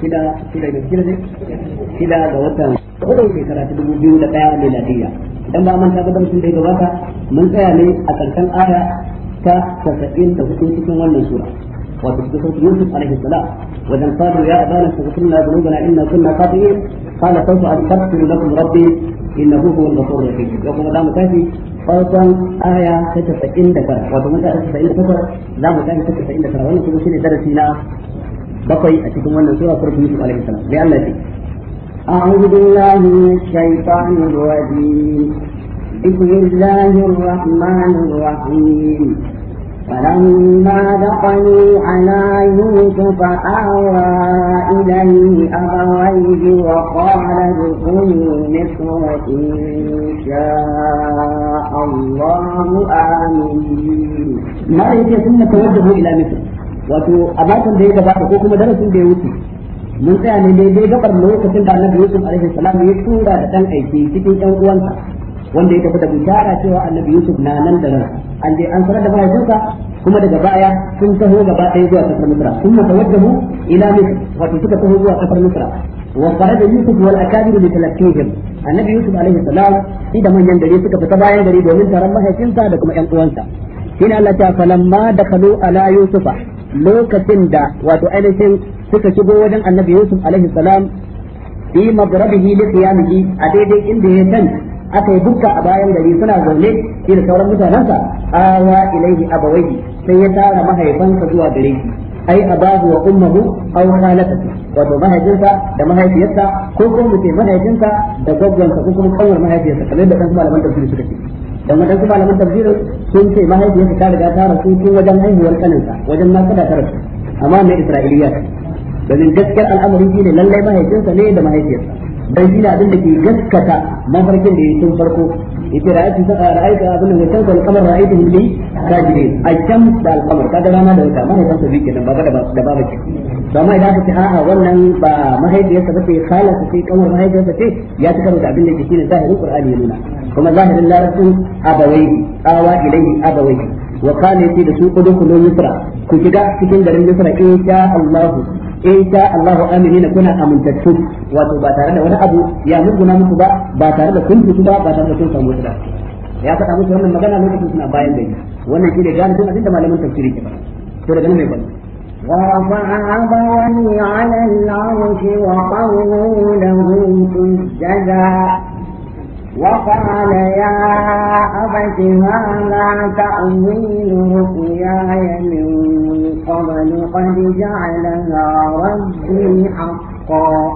shida shida ga shida ne shida ga watan hudu shekara ta dubu biyu da ɗaya idan ba manta ga mutum da ya gabata mun tsaya ne a ƙarshen aya ta tasa'in da cikin wannan sura wato cikin yusuf alaihi salam wajen fadu ya abana su inna rabbi ya kuma tafi farkon aya ta tasa'in da wato mun ta tasa'in da za mu tafi ta tasa'in da wannan kuma darasi na bakwai a cikin wannan sura suratu yusuf alaihi salam sai Allah ce أعوذ بالله من الشيطان الرجيم بسم الله الرحمن الرحيم فلما دخلوا على يوسف آوى إليه أبويه وقال ادخلوا مصر إن شاء الله آمين. ما يجي ثم توجهوا إلى مصر. wato a makon da ya gabata ko kuma darasin da ya wuce mun tsaya ne daidai gabar lokacin da annabi Yusuf alaihi salam ya tura da dan aiki cikin yan uwansa wanda ya tafi da bishara cewa annabi Yusuf na nan da nan an je an sanar da mahaifinsa kuma daga baya sun taho gaba ɗaya zuwa kasar Misra sun tawajjahu ila Misr wato suka taho zuwa kasar Misra wa da Yusuf wal akabir li talaqqihim annabi Yusuf alaihi salam shi da manyan gari suka fita bayan gari domin taron mahaifinsa da kuma yan uwansa shine Allah ta falamma dakhalu ala Yusufa lokacin da wato ainihin suka shigo wajen annabi yusuf alaihi salam fi madrabihi li qiyamihi a daidai inda ya kan aka yi bukka a bayan gari suna zaune shi sauran sauran mutanensa awa ilaihi abawaihi sai ya tara mahaifansa zuwa gare shi ai abahu wa ummuhu aw khalatuhu wato mahaifinsa da mahaifiyarsa ko kuma mutum mahaifinsa da gaggwansa ko kuma kawar mahaifiyarsa kamar da kan malaman tafsiri suka ce dan wadansu malaman tafsir sun ce mahaifiyarsa ta riga ta rasu tun wajen haihuwar kaninsa wajen na kada ta amma mai isra'iliya domin gaskiyar al'amari shi ne lallai mahaifinsa ne da mahaifiyarsa dan shi ne abin da ke gaskata mafarkin da ya tun farko yace ra'aytu ra'aytu abin da kan al-qamar ra'aytu li sajidin al-sham da al-qamar kaga rana da wata mana kansa bike nan baba da da baba ke amma idan ka ce a'a wannan ba mahaifiyar sa bace khala ta sai kamar mahaifiyar sa ce ya ta karanta abin da ke cikin zahirin qur'ani ya nuna kuma zahirin larabcin abawai awa ilayhi abawai wa kana yace da su kudu kullu misra ku shiga cikin garin misra in sha Allah in sha Allahu na kuna amintattu wato ba tare da wani abu ya muguna muku ba ba tare da kun fito ba ba tare da kun samu da ya faɗa muku wannan magana lokacin suna bayan gari wannan shine gane tun abinda malamin tafsiri ke ba to da nan mai bani ورفع أبويه على العرش وقروا له سجدا وقال يا أبت هذا تأويل رؤياي من قبل قد جعلها ربي حقا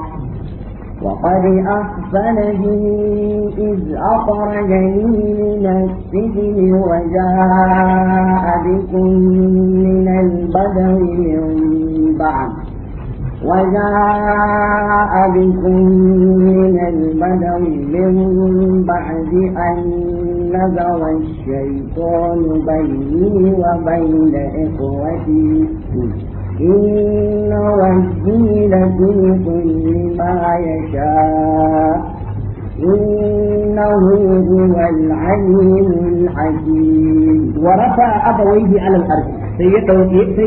وقد أحسن بي إذ أخرجني من السجن وجاء بكم من البدر من بعد وجاء بكم من البدو من بعد أن نزغ الشيطان بيني وبين إخوتي إن ربي لطيف لما يشاء إنه هو العليم الحكيم ورفع أبويه على الأرض sai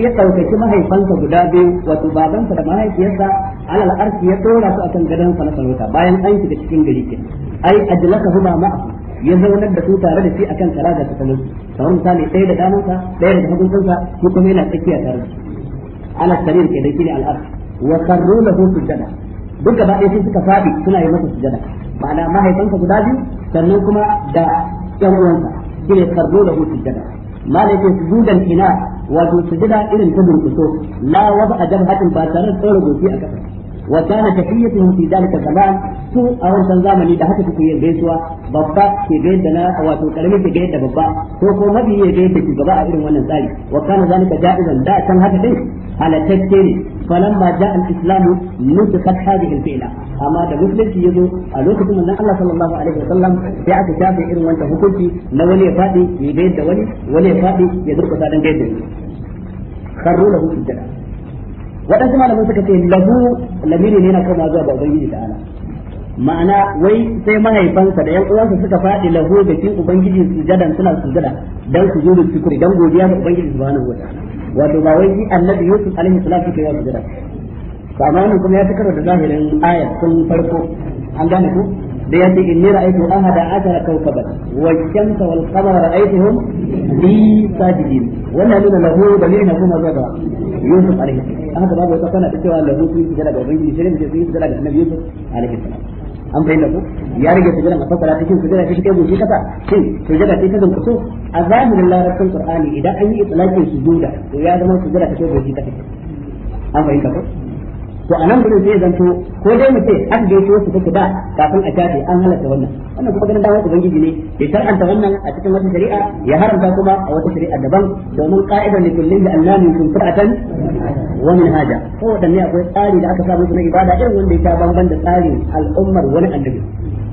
ya ɗaukaci mahaifansa guda biyu wato babansa da mahaifiyarsa alal arki ya tsora su akan gadon sa na sarauta bayan an shiga cikin gari ke ai ajlaka huma ma'a ya zaunar da su tare da shi akan kara da tsakalin kamar misali ɗaya da damansa ɗaya da hagunsa ko kuma yana tsakiya tare da su ala sarir ke da kiri al arshi wa karru lahu sujada duk ba sun sai suka fadi suna yi masa sujada ma'ana mahaifinsa guda biyu sannan kuma da yan uwansa shine karbo da hutu jada malaikin sujudan ina wato sujada irin ta durkuso la wada a jabhatin ba tare da tsoro goshi a kasa wa kana tafiyatuhum fi dalika zaman su a wancan zamani da haka suke yin gaisuwa babba ke gaida da na wato karamin ke gaida babba ko ko mabiyi ya gaida gaba a irin wannan tsari wa kana zalika ja'izan da kan haka din halatacce ne falamma ja'a al-islam nusikat hadhihi al-fi'la amma da musulunci yazo a lokacin nan Allah sallallahu alaihi wasallam sai aka shafe irin wannan hukunci na wani ya fadi ya gaida wani wani ya fadi ya waɗansu malamin suka ce lahu lamiri ne na kama zuwa ga ubangiji ta'ala ma'ana wai sai mahaifansa da yan uwansa suka faɗi lahu da fi ubangiji sujadan suna jada dan su zo da shukuri dan godiya ga ubangiji subhanahu wataala wato ba wai annabi yusuf alaihi salam suka yi jada to amma wannan kuma ya fi da zahirin ayat sun farko an gane ku da yace inni ra'aytu ahada ashara kawkaban wa shamsa wal qamara ra'aytuhum bi sajidin wannan an bayyana ku ya rage sujada a ta cikin kasa shin ta cikin kusu a zahirin larabcin qur'ani idan an yi itlaqin sujuda to ya zama ta cikin kasa an bayyana ku to a nan gudun zai zanto ko dai mu ce an da yake wasu take da kafin a tafi an halatta wannan wannan kuma ganin dawo ubangiji ne ya shar'anta wannan a cikin wata shari'a ya haramta kuma a wata shari'a daban domin ka'idar ne kullum da Allah ne kun fur'atan wani haja ko ne akwai tsari da aka sa su na ibada irin wanda ya ta bamban da tsarin al'ummar wani annabi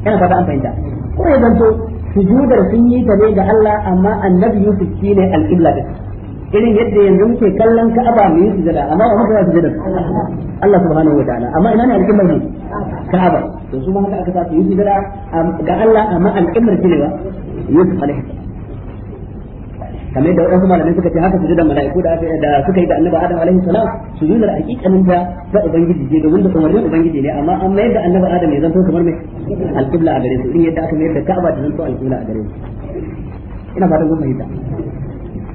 kana fata an fahimta ko ya zanto sujudar sun yi ta ne ga Allah amma annabi Yusuf shine al-qibla shi irin yadda yanzu muke kallon Ka'aba mu yi sujada amma ba muka yi sujada Allah subhanahu wataala amma ina ne alƙimar ne Ka'aba to su ma haka aka sa su yi sujada ga Allah amma alƙimar ce ne ba Yusuf alaihi kamar yadda wadansu malamai suka ce haka su da mala'iku da suka yi da annabi adam alaihi salam su nuna hakikanin da ta ubangiji je domin da umarnin ubangiji ne amma an mayar da annabi adam ya zanto kamar mai alƙibla a gare su in yadda aka mayar da ka'aba ta zanto alƙibla a gare su ina fatan kun fahimta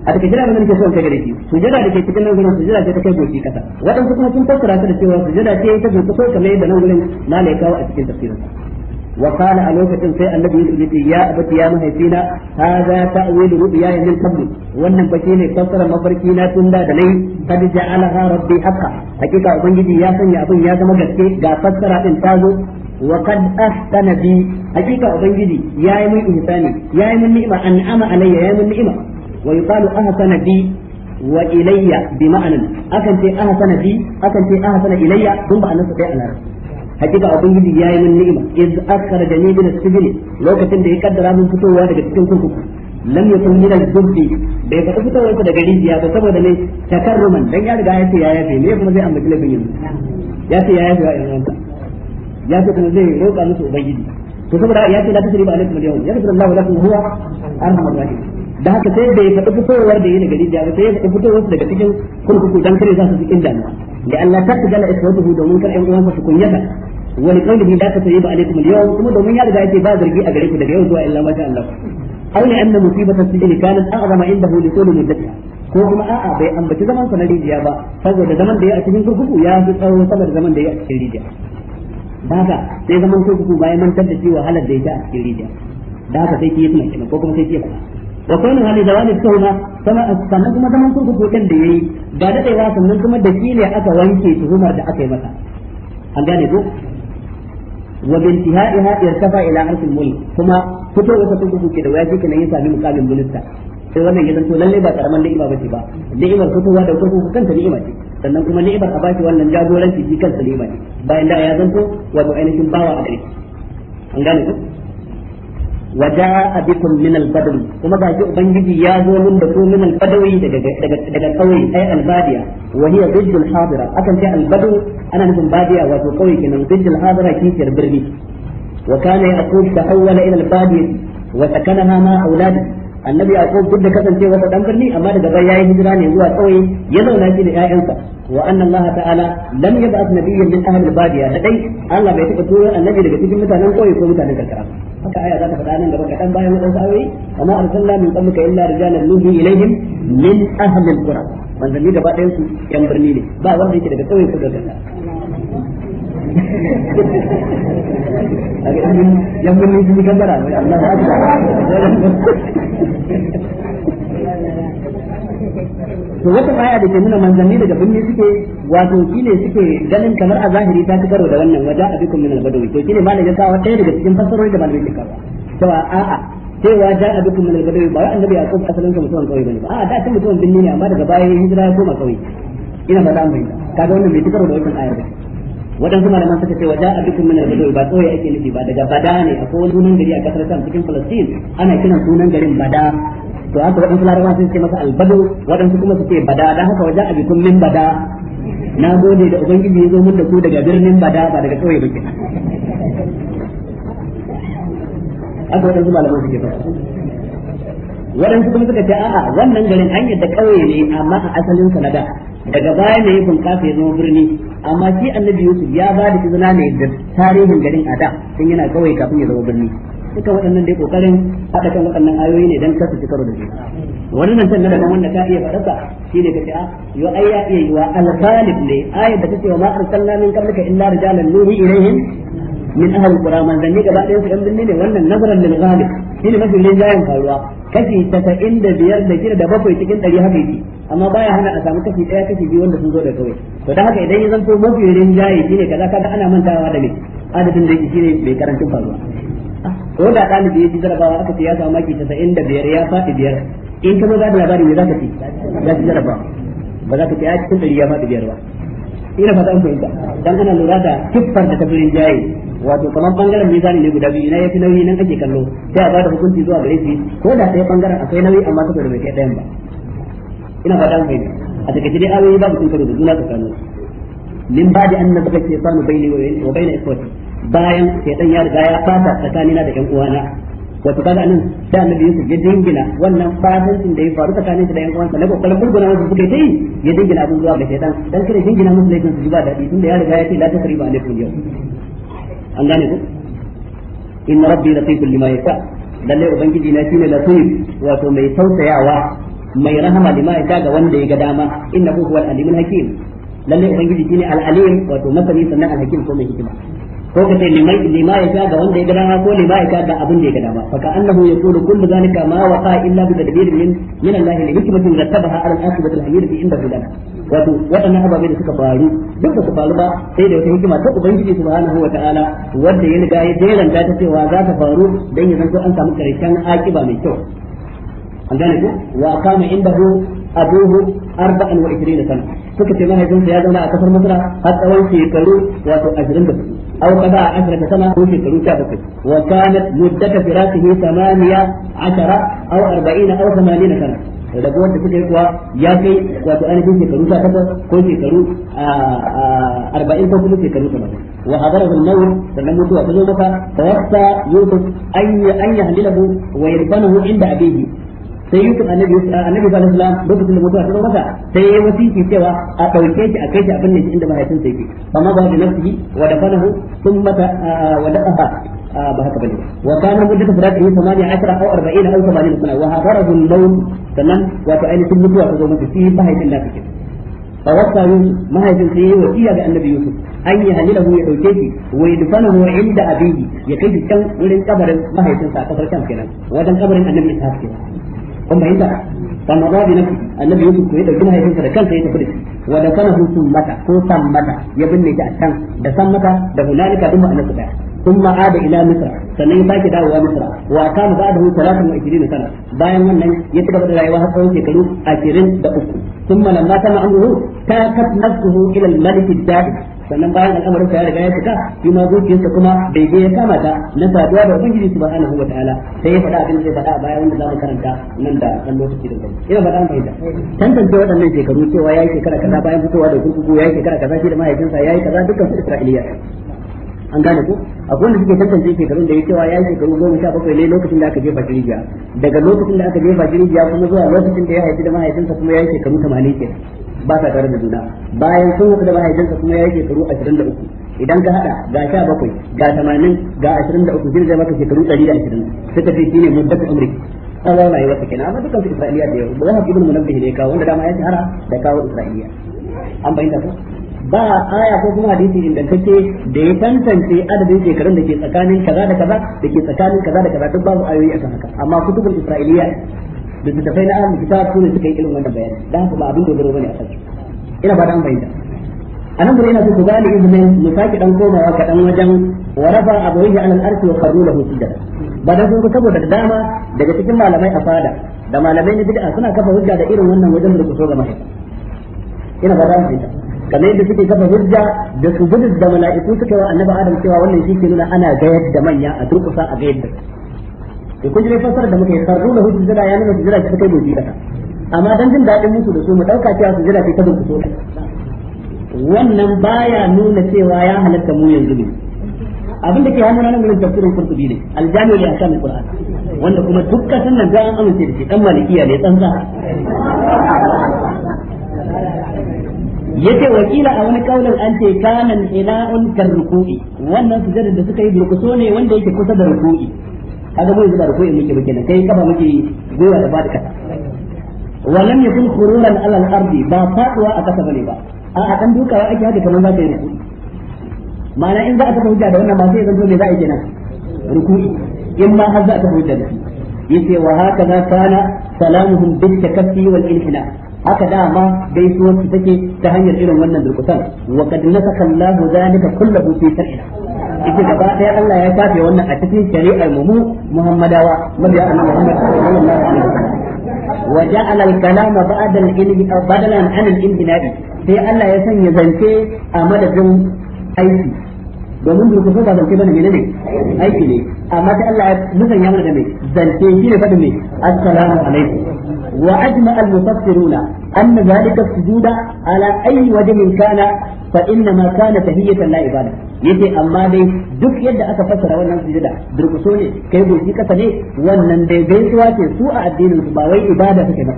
a daga jira da nake so kai sujada da ke cikin nan gurin sujada ce ta kai goshi kasa waɗansu kuma sun fassara ta da cewa sujada ce ta goshi so kamar da nan gurin na ne kawo a cikin tafsirinsa wa qala a lokacin sai annabi ya ce ya abati ya mahaifina hadha ta'wil ru'ya min qabl wannan fa ne fassara mafarki na tun da da nayi kad ja'alaha rabbi haqqa hakika ubangiji ya sanya abin ya zama gaske ga fassara din ta zo وقد أحسن بي حقيقة أبنجدي يا من إنساني يا من نعمة أنعم علي يا من نعمة wa yuqalu ahsana bi wa ilayya bi ma'anan akan ce ahsana bi akan ce ahsana ilayya dun ba annabi sai alara hakika ubangiji yayi min ni'ima iz akhraja ni bil sibil lokacin da ya kaddara mun fitowa daga cikin kurkuku lam yakun min al-dhurbi bai fata fitowar sa daga rijiya ba saboda ne takarruman dan ya riga ya ce ya yafe ne kuma zai ambaci labin yanzu ya ce ya yafe wa yanzu ya ce kuma zai roƙa musu ubangiji to saboda ya ce la tasriba alaikum al-yawm yaghfiru Allahu lakum huwa arhamur rahim da haka sai da ya faɗi fitowar da yi daga rijiya ba sai ya faɗi fitowar daga cikin kurkuku dan kare za su cikin damuwa da Allah ta tijala iswatuhu domin kar ƴan uwansa su kunyata wa li qawlihi la tasayyiba alaikum al-yawm kuma domin ya riga yake ba zargi a gare ku daga yau zuwa illa ma sha Allah aw li anna musibatan sijni kanat a'zama indahu li tuli muddatiha ko kuma a'a bai ambaci zaman sa na rijiya ba saboda zaman da ya a cikin kurkuku ya fi tsawo saboda zaman da ya a cikin rijiya da haka sai zaman kurkuku bayan mantar da shi wahalar da ya a cikin rijiya da haka sai ki yi tunani ko kuma sai ki faɗa وكان kana زوال da wani كما sama sannan kuma zaman kurku kokan da yayi كما dadewa sannan kuma da shi aka wanke tuhumar da aka yi masa ارتفع gane ko الملك كما فتو ila arshil mulk kuma كان wata من ke da ya sami mukamin minista sai wannan ya zanto lalle ba karaman ni'ima bace ba ni'imar fitowa da kurkuku kanta ni'ima ce sannan kuma ni'imar a bashi wannan jagoranci shi kansa ni'ima ce bayan da ya zanto wato ainihin bawa a gare an gane ko وجاء بكم من البدو كما جاء ubangiji ya zo min da ku min albadawi daga daga daga kauye ai albadiya wa hiya zidd alhadira akan ce albadu ana nufin badiya wato kauye kenan zidd alhadira kishiyar birni wa kana yaqub tahawwala ila albadiya wa annabi yaqub duk da kasance sa dan birni amma daga baya yayi hijira ne zuwa kauye ya zauna shi da ƴaƴansa wa anna allah ta'ala lam yab'ath nabiyyan min ahli badiya da dai allah bai taba tura annabi daga cikin mutanen kauye ko mutanen karkara haka aya za ta faɗa nan gaba kaɗan bayan waɗansu aure amma arsalna min qablika illa rijalan nuhi ilaihim min ahli alqura manzanni gaba ɗayan su yan birni ne ba wanda yake daga kauye ko daga karkara a ga yan birni sun yi Allah to wata baya da ke nuna manzanni daga binne suke wato shine suke ganin kamar a zahiri ta fi karo da wannan waje a bikin minal badawi to shine malam ya kawo ɗaya daga cikin fassarori da malamai ke kawo cewa a'a cewa ja a bikin minal badawi ba wai annabi yaqub asalin sa mutumin kauye bane ba a'a da ta mutumin binne ne amma daga baya hijira ya koma kauye ina ba za mu yi kaga wannan bai fi karo da wannan ayar ba kuma malaman suka ce waja a bikin minar badawi ba ya ake nufi ba daga bada ne akwai wani sunan gari a kasar sam cikin Palestine ana kiran sunan garin bada to haka waɗansu malaman suka ce masa albado wadan kuma suke ce bada da haka wa ja'a bikin min bada na gode da ubangiji ya zo mun da ku daga birnin bada ba daga kawai bakin haka waɗansu malaman suka ce wadan kuma suka ce a'a wannan garin an yadda kauye ne amma a asalin sa na da daga baya ne ya bunƙasa ya zama birni amma shi annabi yusuf ya ba da izina ne da tarihin garin ada tun yana kawai kafin ya zama birni duka waɗannan dai kokarin haɗa kan waɗannan ayoyi ne dan kasu cikaro da shi wani nan can na daga wanda ka iya faɗa shi ne ka ce a ah, yo ai ya iya yiwa alfalif ne ayat da ce wa ma'ar sallamin min illa rijalan nuhi ilaihim min ahli qura man zanni gaba ɗayan su yan binne ne wannan nazaran lil ghalib shine mafi yayin faruwa kashi 95 da kira da bakwai cikin 100 haka yake amma baya hana a samu kashi daya kashi biyu wanda sun zo da kawai to dan haka idan ya zanto mafi rinjaye shine kaza kaga ana mantawa da me adadin da yake shine bai karanta faruwa ko da ɗalibi ya ji jarabawa aka ce ya samu maki 95 ya faɗi biyar in ka za da labari me za ka ce za ka jarabawa ba za ka ce a cikin ɗari ya faɗi biyar ba ina fata an fahimta dan ana lura da kiffar da tabirin jayi wato kamar bangaren mizani ne guda biyu na yafi nauyi nan ake kallo sai a bada hukunci zuwa gare shi ko da sai bangaren akwai nauyi amma saboda bai kai dayan ba ina fata an fahimta a daga dai ayoyi babu sun karo da juna tsakanin min da an nazaka bai ne wa bayna ikhwati bayan shaytan ya riga ya fata tsakanina da ƴan uwana wato kaga anan da annabi Yusuf ya dingina wannan fadancin da ya faru tsakanin shi da yan uwansa na kokarin burguna musu suka yi ya dingina abin zuwa ga shaytan dan kada dingina musu laifin su ji ba dadi tunda ya riga ya ce la tasriba alaikum yau an gane ku inna rabbi latiful lima yasha lalle ubangiji na shine latif wato mai tausayawa mai rahama lima yasha ga wanda ya ga dama innahu huwal alimul hakim lalle ubangiji shine al alim wato masani sannan al hakim ko mai hikima ko ka ce lima ya sha ga wanda ya gada dama ko lima ya ka ga abin da ya gada dama fa ka annahu yaqulu kullu zalika ma ta illa bi tadbir min min Allah li hikmatin rattabaha ala al-asbati al-hayyati inda bidan wato wadannan ababe da suka faru duk da su faru ba sai da wata hikima ta ubangiji subhanahu wataala wanda ya riga ya jeranta ta cewa za ta faru dan ya zanto an samu karshen akiba mai kyau an gane ko wa qama indahu abuhu 24 wa sana suka ce mahaifinsa ya zauna a kasar Masra har tsawon shekaru wato 24 أو قضاء عشرة سنة أو شكر شابك وكانت مدة فراشه ثمانية عشرة أو أربعين أو ثمانين سنة da kuma wanda suka kuwa ya kai wato ainihin shekaru sha takwas ko shekaru arba'in ko kuma shekaru wa hadara da nawu sannan mutuwa ta zo maka fa wasta yusuf an yi an yi wa yarbanahu inda abihi sai yusuf a annabi sallallahu alaihi wasallam lokacin da mutuwa ta zo masa yi ya wasiki cewa a dauke shi a kai shi abin da shi inda mahaifin sa yake fa ma ba da nafsihi wa da fanahu thumma ta wa da aha ba haka bane wa kana mujtaka fi rabbihi thamani asra aw arba'ina aw thamani sana wa hadarahu al laun sannan wata ta sun mutuwa ta zo masa shi mahaifin da take fa wasa yin mahaifin sai ya wasiya ga annabi yusuf an yi halila mu ya dauke shi wa yadfanahu inda abihi ya kai shi can wurin kabarin mahaifinsa a kasar can kenan wajen kabarin annabi ta kenan kun bayyana amma babu nafi annabi yusuf ko ya dauki mahaifinsa da kansa ya tafi da shi wa da kana hutun mata ko san mata ya binne ta a can da san mata da hunalika duk a su daya ثم عاد الى مصر sannan ya sake dawowa Misra wa ta mu ba da talatin wa ishirin sana bayan wannan ya ci gaba da rayuwa har tsawon shekaru ashirin da uku sun malam ma sama an ruhu ta kas nafsuhu ila al-malik al-da'i sannan bayan al'amarin ya riga ya fita shi ma zuciyarsa kuma daidai ya kama ta na saduwa da ubangiji subhanahu wa ta'ala sai ya faɗa abin da zai faɗa a baya wanda za mu karanta nan da ɗan lokaci da zai ina faɗa mai da tantance waɗannan shekaru cewa ya yi shekara kaza bayan fitowa da kurkuku ya yi shekara kaza shi da mahaifinsa ya yi kaza dukkan su Isra'iliya an gane ku akwai wanda suke tantance shekarun da ya cewa ya yi shekaru goma sha bakwai ne lokacin da aka jefa jirgiya daga lokacin da aka jefa jirgiya kuma zuwa lokacin da ya haifi da mahaifinsa kuma ya yi shekaru tamanin ke ba sa tare da juna bayan sun haifi da mahaifinsa kuma ya yi shekaru ashirin da uku idan ka haɗa ga sha bakwai ga tamanin ga ashirin da uku zai maka shekaru ɗari da ashirin suka ce shine muddatu umri yi rayuwarsa kenan amma dukkan su isra'iliya da yau ba za ka ibn munabbih ne kawo wanda dama ya shahara da kawo isra'iliya an bayyana ta ba aya ko kuma hadisi inda kake da ya tantance adadin shekarun da ke tsakanin kaza da kaza da ke tsakanin kaza da kaza duk babu ayoyi kan haka amma kutubul isra'iliya da littafai na ahlul kitab su ne suka yi irin wannan bayani dan haka ba abin dogaro bane a kai ina ba dan bayyana anan gure ina so ku gane izinin mu saki dan komawa kadan wajen warafa abawaihi alal arsi wa qarru lahu sujada ba dan sun saboda dama daga cikin malamai a fada da malamai ne bid'a suna kafa hujja da irin wannan wajen da ku so ga mahaifa ina ba dan bayyana kamar yadda suke kafa hujja da su gudu da mala'iku suka wa annabi adam cewa wannan shi ke nuna ana gayar da manya a durkusa a gayar da su kun ji fasara da muka yi sarru da hujja jira ya nuna jira ta kai gobe kasa amma dan jin daɗin musu da su mu ɗauka cewa su jira kai ta durkuso wannan baya nuna cewa ya halatta mu yanzu ne abin da ke hannu nan gurin tafsirin kurtubi ne aljami ne ya kan wanda kuma dukkan sannan ga an amince da shi dan malikiya ne tsantsa yace wakila a wani kaulin an ce kana ina'un karruku'i wannan sujadar da suka yi durkuso ne wanda yake kusa da ruku'i kaga mu da ruku'i muke muke ne kai kafa muke goya da ba da kasa walam yakun khururan ala al-ardi ba faduwa a kasa bane ba a a dan dukawa ake haka kaman za ka yi ruku'i ma'ana in za a tafi hujja da wannan ba sai zanto me za a yi kenan ruku'i in ma har za a tafi hujja da shi yace wa haka kana salamuhum bil takaffi wal inhina haka dama gaisuwar su take ta hanyar irin wannan durkusan wa qad nasaka Allahu zalika kullahu fi shar'ina ita gaba daya Allah ya tafe wannan a cikin shari'ar mu Muhammadawa mabiya annabi Muhammad sallallahu alaihi wasallam wa ja'ala al-kalam ba'da al-ilmi badalan an al-inbina'i sai Allah ya sanya zance a madadin aiki domin durkusan ba zance bane menene aiki ne amma sai Allah ya musanya mana da mai zance shi ne fadin ne assalamu alaikum وأجمع المفسرون أن ذلك السجود على أي وجه كان فإنما كان تهية لا عبادة yace amma dai duk yadda aka fassara wannan sujada durkuso ne kai gurji kasa ne wannan dai gaisuwa ce su a addinin su ba wai ibada take ba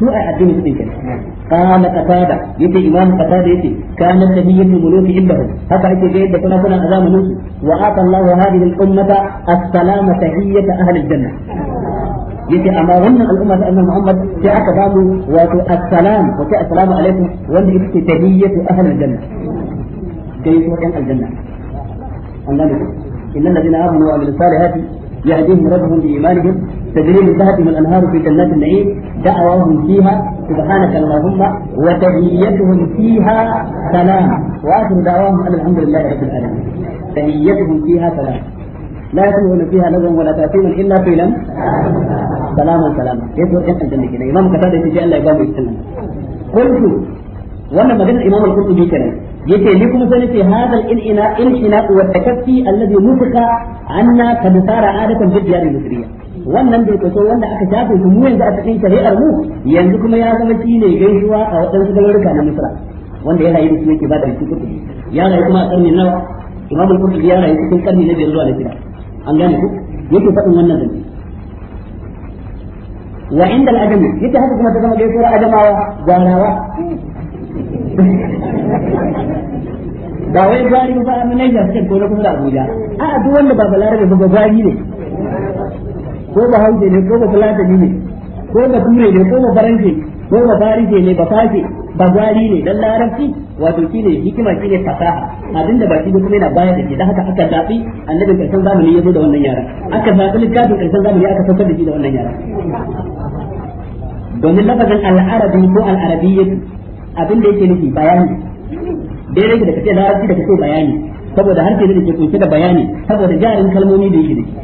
su a addinin su din kenan qala qatada yace imam qatada yace kana tahiyyatu muluki indahum haka ake ga yadda kuna kuna a zamanin su wa ata Allahu hadhihi al-ummata as-salama tahiyyata ahli al-janna yace amma wannan al'umma ta annabi Muhammad sai aka ba mu wato assalam wa ta assalamu alaikum wanda ita ce tahiyyatu ahli aljanna dai su dan aljanna Allah ne inna alladhina amanu wa amilus salihati yahdihim rabbuhum bi imanihim تجري من تحتهم الانهار في جنات النعيم دعواهم فيها سبحانك اللهم وتحيتهم فيها سلام واخر دعواهم ان الحمد لله رب العالمين تحيتهم فيها سلام لا يسمعون فيها لغوا ولا تأثيما إلا قيلا سلاما سلاما يسوع يسأل جنة كده إمام قتادة إن الله يقام يتكلم قلت وانا ما كده يتي لكم سنتي هذا والتكفي الذي عنا عادة في الديار المصرية wannan bai kaso wanda aka shafe su mu yanzu a cikin shari'ar mu yanzu kuma ya zama shi ne gaisuwa a waɗansu garuruka na Misra wanda ya rayu su yake ba da shi kuɗi ya rayu kuma a ƙarni nawa ya rayu cikin ƙarni na biyar zuwa na shida an gane ku yake faɗin wannan zance wa inda al'adam yake haka kuma ta zama gaisuwar adamawa gwarawa ba wai gwari ba na Niger suke ko na kuma da Abuja a duk wanda ba balarabe ba gwari ne ko ba hausa ne ko ba fulatani ne ko ba ture ne ko ba faransa ko ba farije ne ba fafe ba gwari ne dan larabci wato shi ne hikima shi ne fasaha abinda baki da kuma yana baya da ke da haka aka zabi annabin karshen zamani ya zo da wannan yaran aka zabi littafin karshen zamani aka saukar da shi da wannan yara. domin lafazin al'arabi ko al'arabiyyatu abinda yake nufi bayani dai rage da kace larabci da kace bayani saboda harshe ne da ke kunshe da bayani saboda jarin kalmomi da yake da shi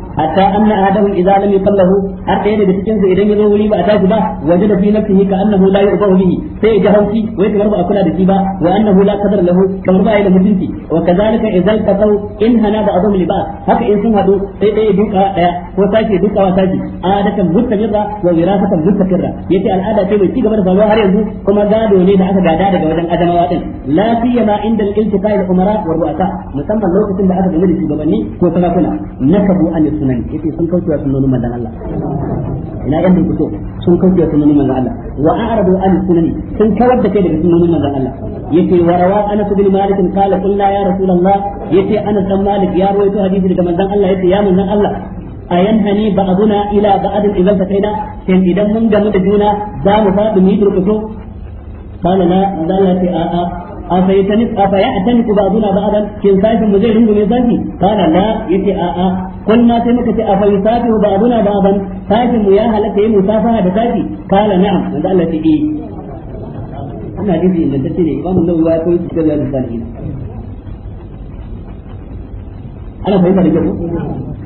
hatta anna ahadahu idza lam yusallahu har ɗaya da cikin su idan ya zo wuri ba a tashi ba wajada fi nafsihi ka annahu la yu'bahu bihi sai ya hauki wai kamar ba a kula da shi ba wa annahu la qadara lahu kamar ba ya da mutunci wa kadhalika idzal taqaw in hana ba'dhum li ba haka in sun hadu sai ɗaya duka ɗaya ko sake dukawa sake adatan mustamirra wa wirasatan mustaqirra yace al'ada ce mai ci gaba da faruwa har yanzu kuma gado ne da aka gada daga wajen adamawa din la siyama inda al-iltiqa'i al-umara wa ru'asa musamman lokacin da aka gama da shugabanni ko sarakuna nakabu an sunan yace sun kaucewa sunnonin manzon Allah ina yan da kuso sun kaucewa sunnonin manzon Allah wa a'radu an sunan sun kawar da kai daga sunnonin manzon Allah yace wa rawa anas bin malik qala qulna ya rasulullah yace anas dan malik ya rawaito hadisi daga manzon Allah yace ya manzon Allah A ayanhani ba'duna ila ba'din idan fataina shin idan mun gamu da juna za mu fadu mu durkuto kana la zalati a a afaytani afayatani ku ba'duna ba'dan kin sai mu zai rungume zafi kana la yace a a kun ma sai muka ce afaytati ba'duna ba'dan sai mu ya halaka yi musafaha da zafi kana na'am manzo Allah ce eh ana hadisi da tace ne imamu nawawi ya koyi cikin da misali ana fahimta da kyau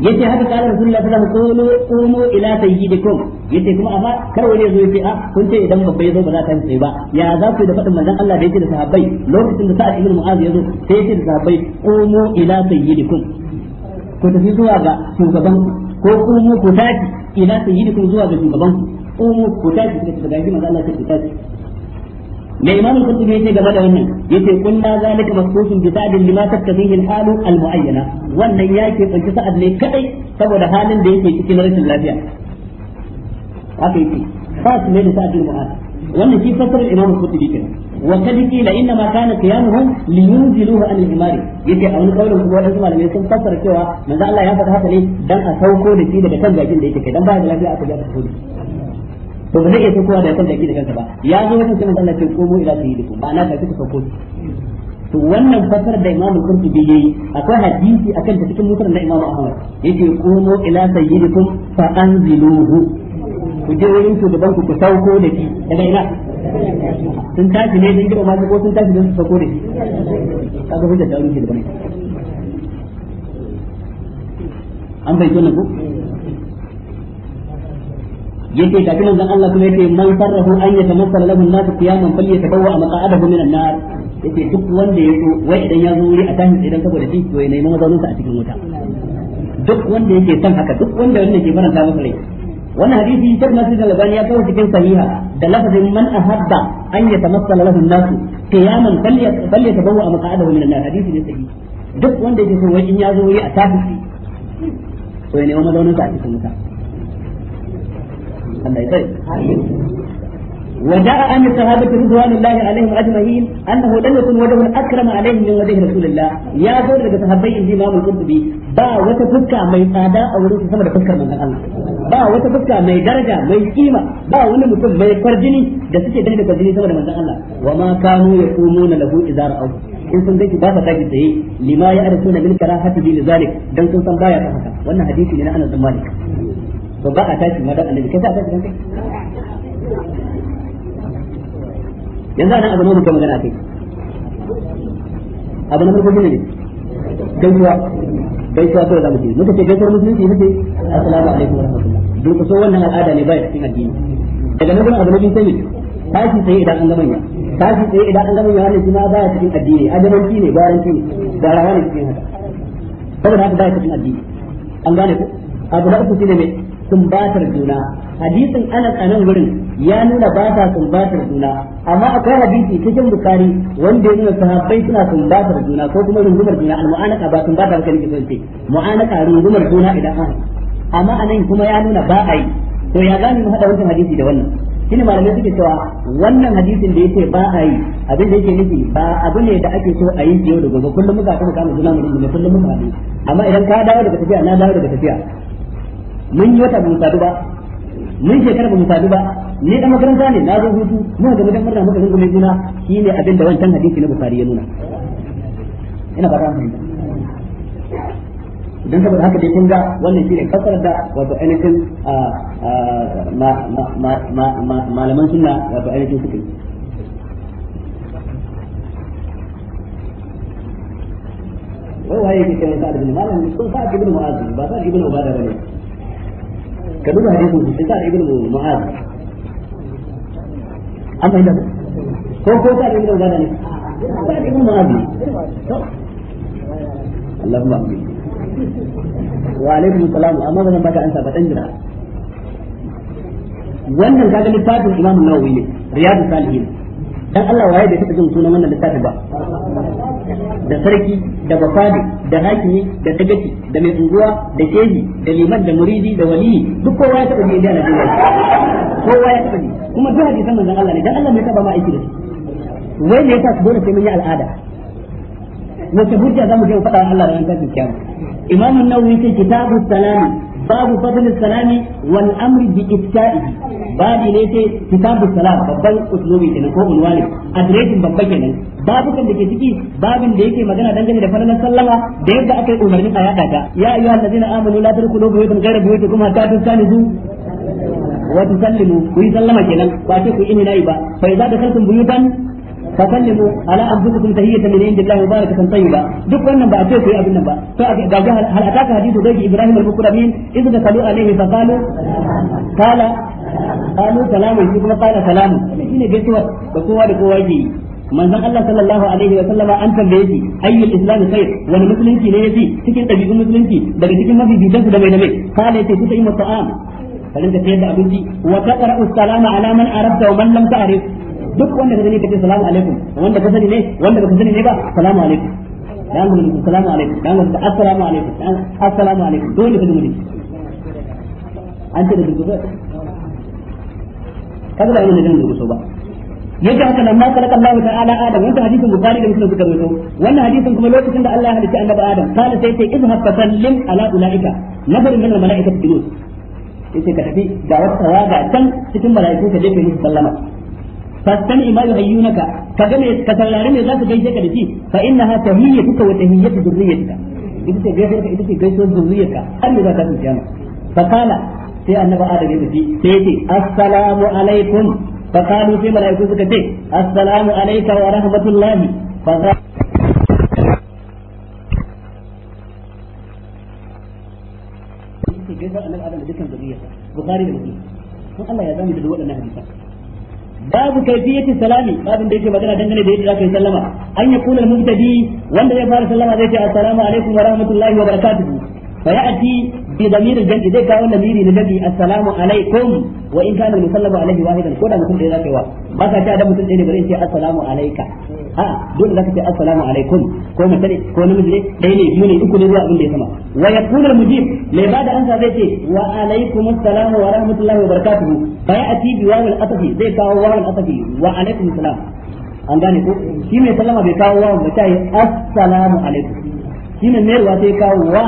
yace haka kana rasulullahi sallallahu alaihi wasallam qumu ila sayyidikum yace kuma amma kar wani yazo yace a kun ce idan babba yazo ba za ka yi ba ya za ku da fadin manzon Allah da yake da sahabbai lokacin da sa'ad ibn mu'az yazo sai yace da sahabbai qumu ila sayyidikum da tafi zuwa ga shugaban ko qumu ku tafi ila sayyidikum zuwa ga shugaban ku qumu ku tafi da gaji manzon Allah ta tafi me imam al-qurtubi yace game da wannan yace kunna zalika masusun bi sa'din lima tattabihi al-hal al-mu'ayyana wannan yake tsanci sa'ad ne kadai saboda halin da yake cikin rashin lafiya haka yake su ne da sa'ad al-mu'ad wannan shi fasar imam al-qurtubi kenan wa kad qila inna ma kana qiyamuhum li yunziluhu an al-himar yace a wani kaulin kuma wadansu malamai sun fasara cewa manzo Allah ya faɗa haka ne dan a sauko da shi daga kan gajin da yake kai dan ba da lafiya aka ji aka sauko to ba zai iya saukowa da kan jaki da kansa ba ya zo wata sunan Allah ce komo ila sayyidikum ba na tafi ka sauko to wannan fasar da Imam Qurtubi yayi akwai hadisi akan ta cikin mutar da Imam Ahmad yake komo ila sayyidikum fa anziluhu ku je wurin shugaban ku ku sauko da shi daga ina sun tashi ne don masu ko sun tashi don su sauko da shi hujja an bai tona ku yace kafin manzon Allah kuma yace man sarrahu an yatamassala lahu an-nas qiyaman falyatabawwa maq'adahu min an-nar yace duk wanda ya so wai idan ya zo wuri a tashi idan saboda shi to ya nemi mazauninsa a cikin wuta duk wanda yake son haka duk wanda wanda ke faranta masa rai wannan hadisi Sheikh Nasir al-Albani ya kawo cikin sahiha da lafazin man ahabba an yatamassala lahu an-nas qiyaman falyatabawwa maq'adahu min an-nar hadisi ne sahihi duk wanda yake so wai in ya zo wuri a tashi to ya nemi mazauninsa a cikin wuta Allah ya tsare وجاء عن الصحابة رضوان الله عليهم أجمعين أنه لم يكن وجه أكرم عليهم من وجه رسول الله يا دور لك صحابي الإمام القرطبي با وتفكى ما يقادا أو لو تسمى تفكر من الله با وتفكى ما يدرجة ما يقيمة با ولا مسلم ما يقرجني ده سكي دهني قرجني سمى من الله وما كانوا يقومون له إذا رأوه in sun gaishe ba sa tashi tsaye lima ya arsuna min karahati bi lizalik dan sun san baya haka wannan hadisi ne na Anas bin Malik to ba a tashi madan annabi kai sai a tashi yanzu anan abu ne muke magana kai abu na farko ne gaisuwa gaisuwa kawai zamu ce muka ce gaisuwar musulunci muke assalamu alaikum wa duk so wannan al'ada ne baya cikin addini daga nan abu na biyu sai tashi sai idan an ga manya tashi sai idan an ga manya wannan shi ma baya cikin addini ajabanci ne da rawa ne cikin haka saboda haka baya cikin addini an gane ku abu na uku shine mai sumbatar juna hadisin anas a nan wurin ya nuna ba sa sumbatar juna amma akwai hadisi cikin bukari wanda ya nuna sahabbai suna sumbatar juna ko kuma rungumar juna al-mu'anaka ba sun ba kake son ce mu'anaka rungumar juna idan an amma anan kuma ya nuna ba a yi to ya gane mu hada wannan hadisi da wannan shine malamai suke cewa wannan hadisin da yake ba a yi abin da yake nufi ba abu ne da ake so a yi yau da gobe kullum muka kuma kama juna mu ne kullum muka amma idan ka dawo daga tafiya na dawo daga tafiya mun yi wata ba sadu ba mun shekara ba mu sadu ba ni da makaranta ne na zo hutu mun ga mutan murna muka rungume juna shine abin da wancan hadisi na Bukhari ya nuna ina ba ran fahimta dan saboda haka dai kun ga wannan shine kasar da wato ma malaman sunna wato ainihin suke yi wai waye yake kiran sa'ad bin malik sun fa'a ibn mu'adh ba sa'ad ibn ubada bane ka duba hadisin su sai ibn mu'az an fahimta ko ko ka ibn mu'az ne ka ibn mu'az ne ma amin wa alaikum salam amma ban baka ansa ba dan jira wannan ka kaga littafin Imam Nawawi ne Riyadu Salihin dan Allah waye da kika jin sunan wannan littafin ba da sarki da bafadi da hakimi da tagaci da mai unguwa da keji da liman da muridi da waliyi duk kowa ya taba ji da Allah kowa ya taba kuma duk hadisan manzon Allah ne dan Allah mai taba ma aiki da shi wai me yasa su dole sai mun yi al'ada wace hujja zamu je faɗa Allah ran ta kiyama imamu nawawi ce kitabu salam babu fadlil salami wal amri bi ibta'ihi babu ne sai kitabu salam babban uslubi kenan ko unwani adireshin babba kenan babukan da ke ciki babin da yake magana dangane da falalan sallama da yadda aka yi umarnin a yada ta ya ayyuha allazina amanu la tadkhulu buyutan ghayra buyutikum hatta tastanizu wa tusallimu ku sallama kenan ba ce ku ini nayi ba fa idza dakhaltum buyutan fasallimu ala anfusikum tahiyatan min indillahi mubarakatan tayyiba duk wannan ba a ce ku yi abin nan ba to a ga ga hal ataka hadithu ghaybi ibrahim al-mukramin idza kalu alayhi fa qalu qala qalu salamun shi kuma qala salamun shine gaisuwa da kowa da kowa yake manzon Allah sallallahu alaihi wa sallama an tambaye shi ayyul islam khair wani musulunci ne cikin dabi'un musulunci daga cikin mafi bidan da mai da mai qala yace tuta imu ta'am kalin da da abinci wa taqra'u salama ala man arabta duk wanda ka gani kace salamu alaikum wanda ka sani ne wanda ka sani ne ba salamu alaikum dan mun salamu alaikum dan mun assalamu alaikum dan assalamu alaikum dole ka gani an ce da duk ba kaga ba mun da so ba yadda haka nan ma kalaka Allah ta'ala Adam wannan hadisin Bukhari da Muslim suka rawaito wannan hadisin kuma lokacin da Allah ya halitta annabi Adam kana sai sai izhab fa sallim ala ulaika nafar min al-mala'ikati bilus yace ka tafi ga wata tawaga can cikin mala'iku ka je ka yi sallama fastami ma yuhayyunaka ka ga me ka saurari me zaka gaishe ka da shi fa innaha tahiyyatuka wa tahiyyatu dhurriyyatika ita ce gaishe ka ita ce gaishe dhurriyyarka har ne zaka tsaya ma fa kana sai annabi adam ya tafi sai yace assalamu alaikum fa qalu sai malaiku suka ce assalamu alayka wa rahmatullahi fa gaishe annabi adam da dukkan dhurriyyarsa bukhari da muslim to Allah ya zama da waɗannan hadisan babu kayfiyati salami babin da yake magana dangane da yadda zaka yi sallama an ya kula mubtadi wanda ya fara sallama zai ce assalamu alaikum wa rahmatullahi wa barakatuh fa ya ya'ti bi damir al-jam'i zai kawo damiri na nabi assalamu alaikum wa in kana musallamu alaihi wahidan ko da mutum da zaka yi wa ba ka ta da mutum da bare ce assalamu alaika a dole zaka ce assalamu alaikum ko mace ne ko namiji ne dai ne biyu ne uku ne zuwa abin da ya sama wa yaqulu al-mujib mai bada ansa zai ce wa alaikum assalamu wa rahmatullahi wa barakatuhu fa ati bi wawu atafi atfi zai kawo wawu atafi wa alaikum assalam an gane ko shi mai sallama bai kawo wawu ba sai assalamu alaikum shi ne mai ruwa sai kawo wa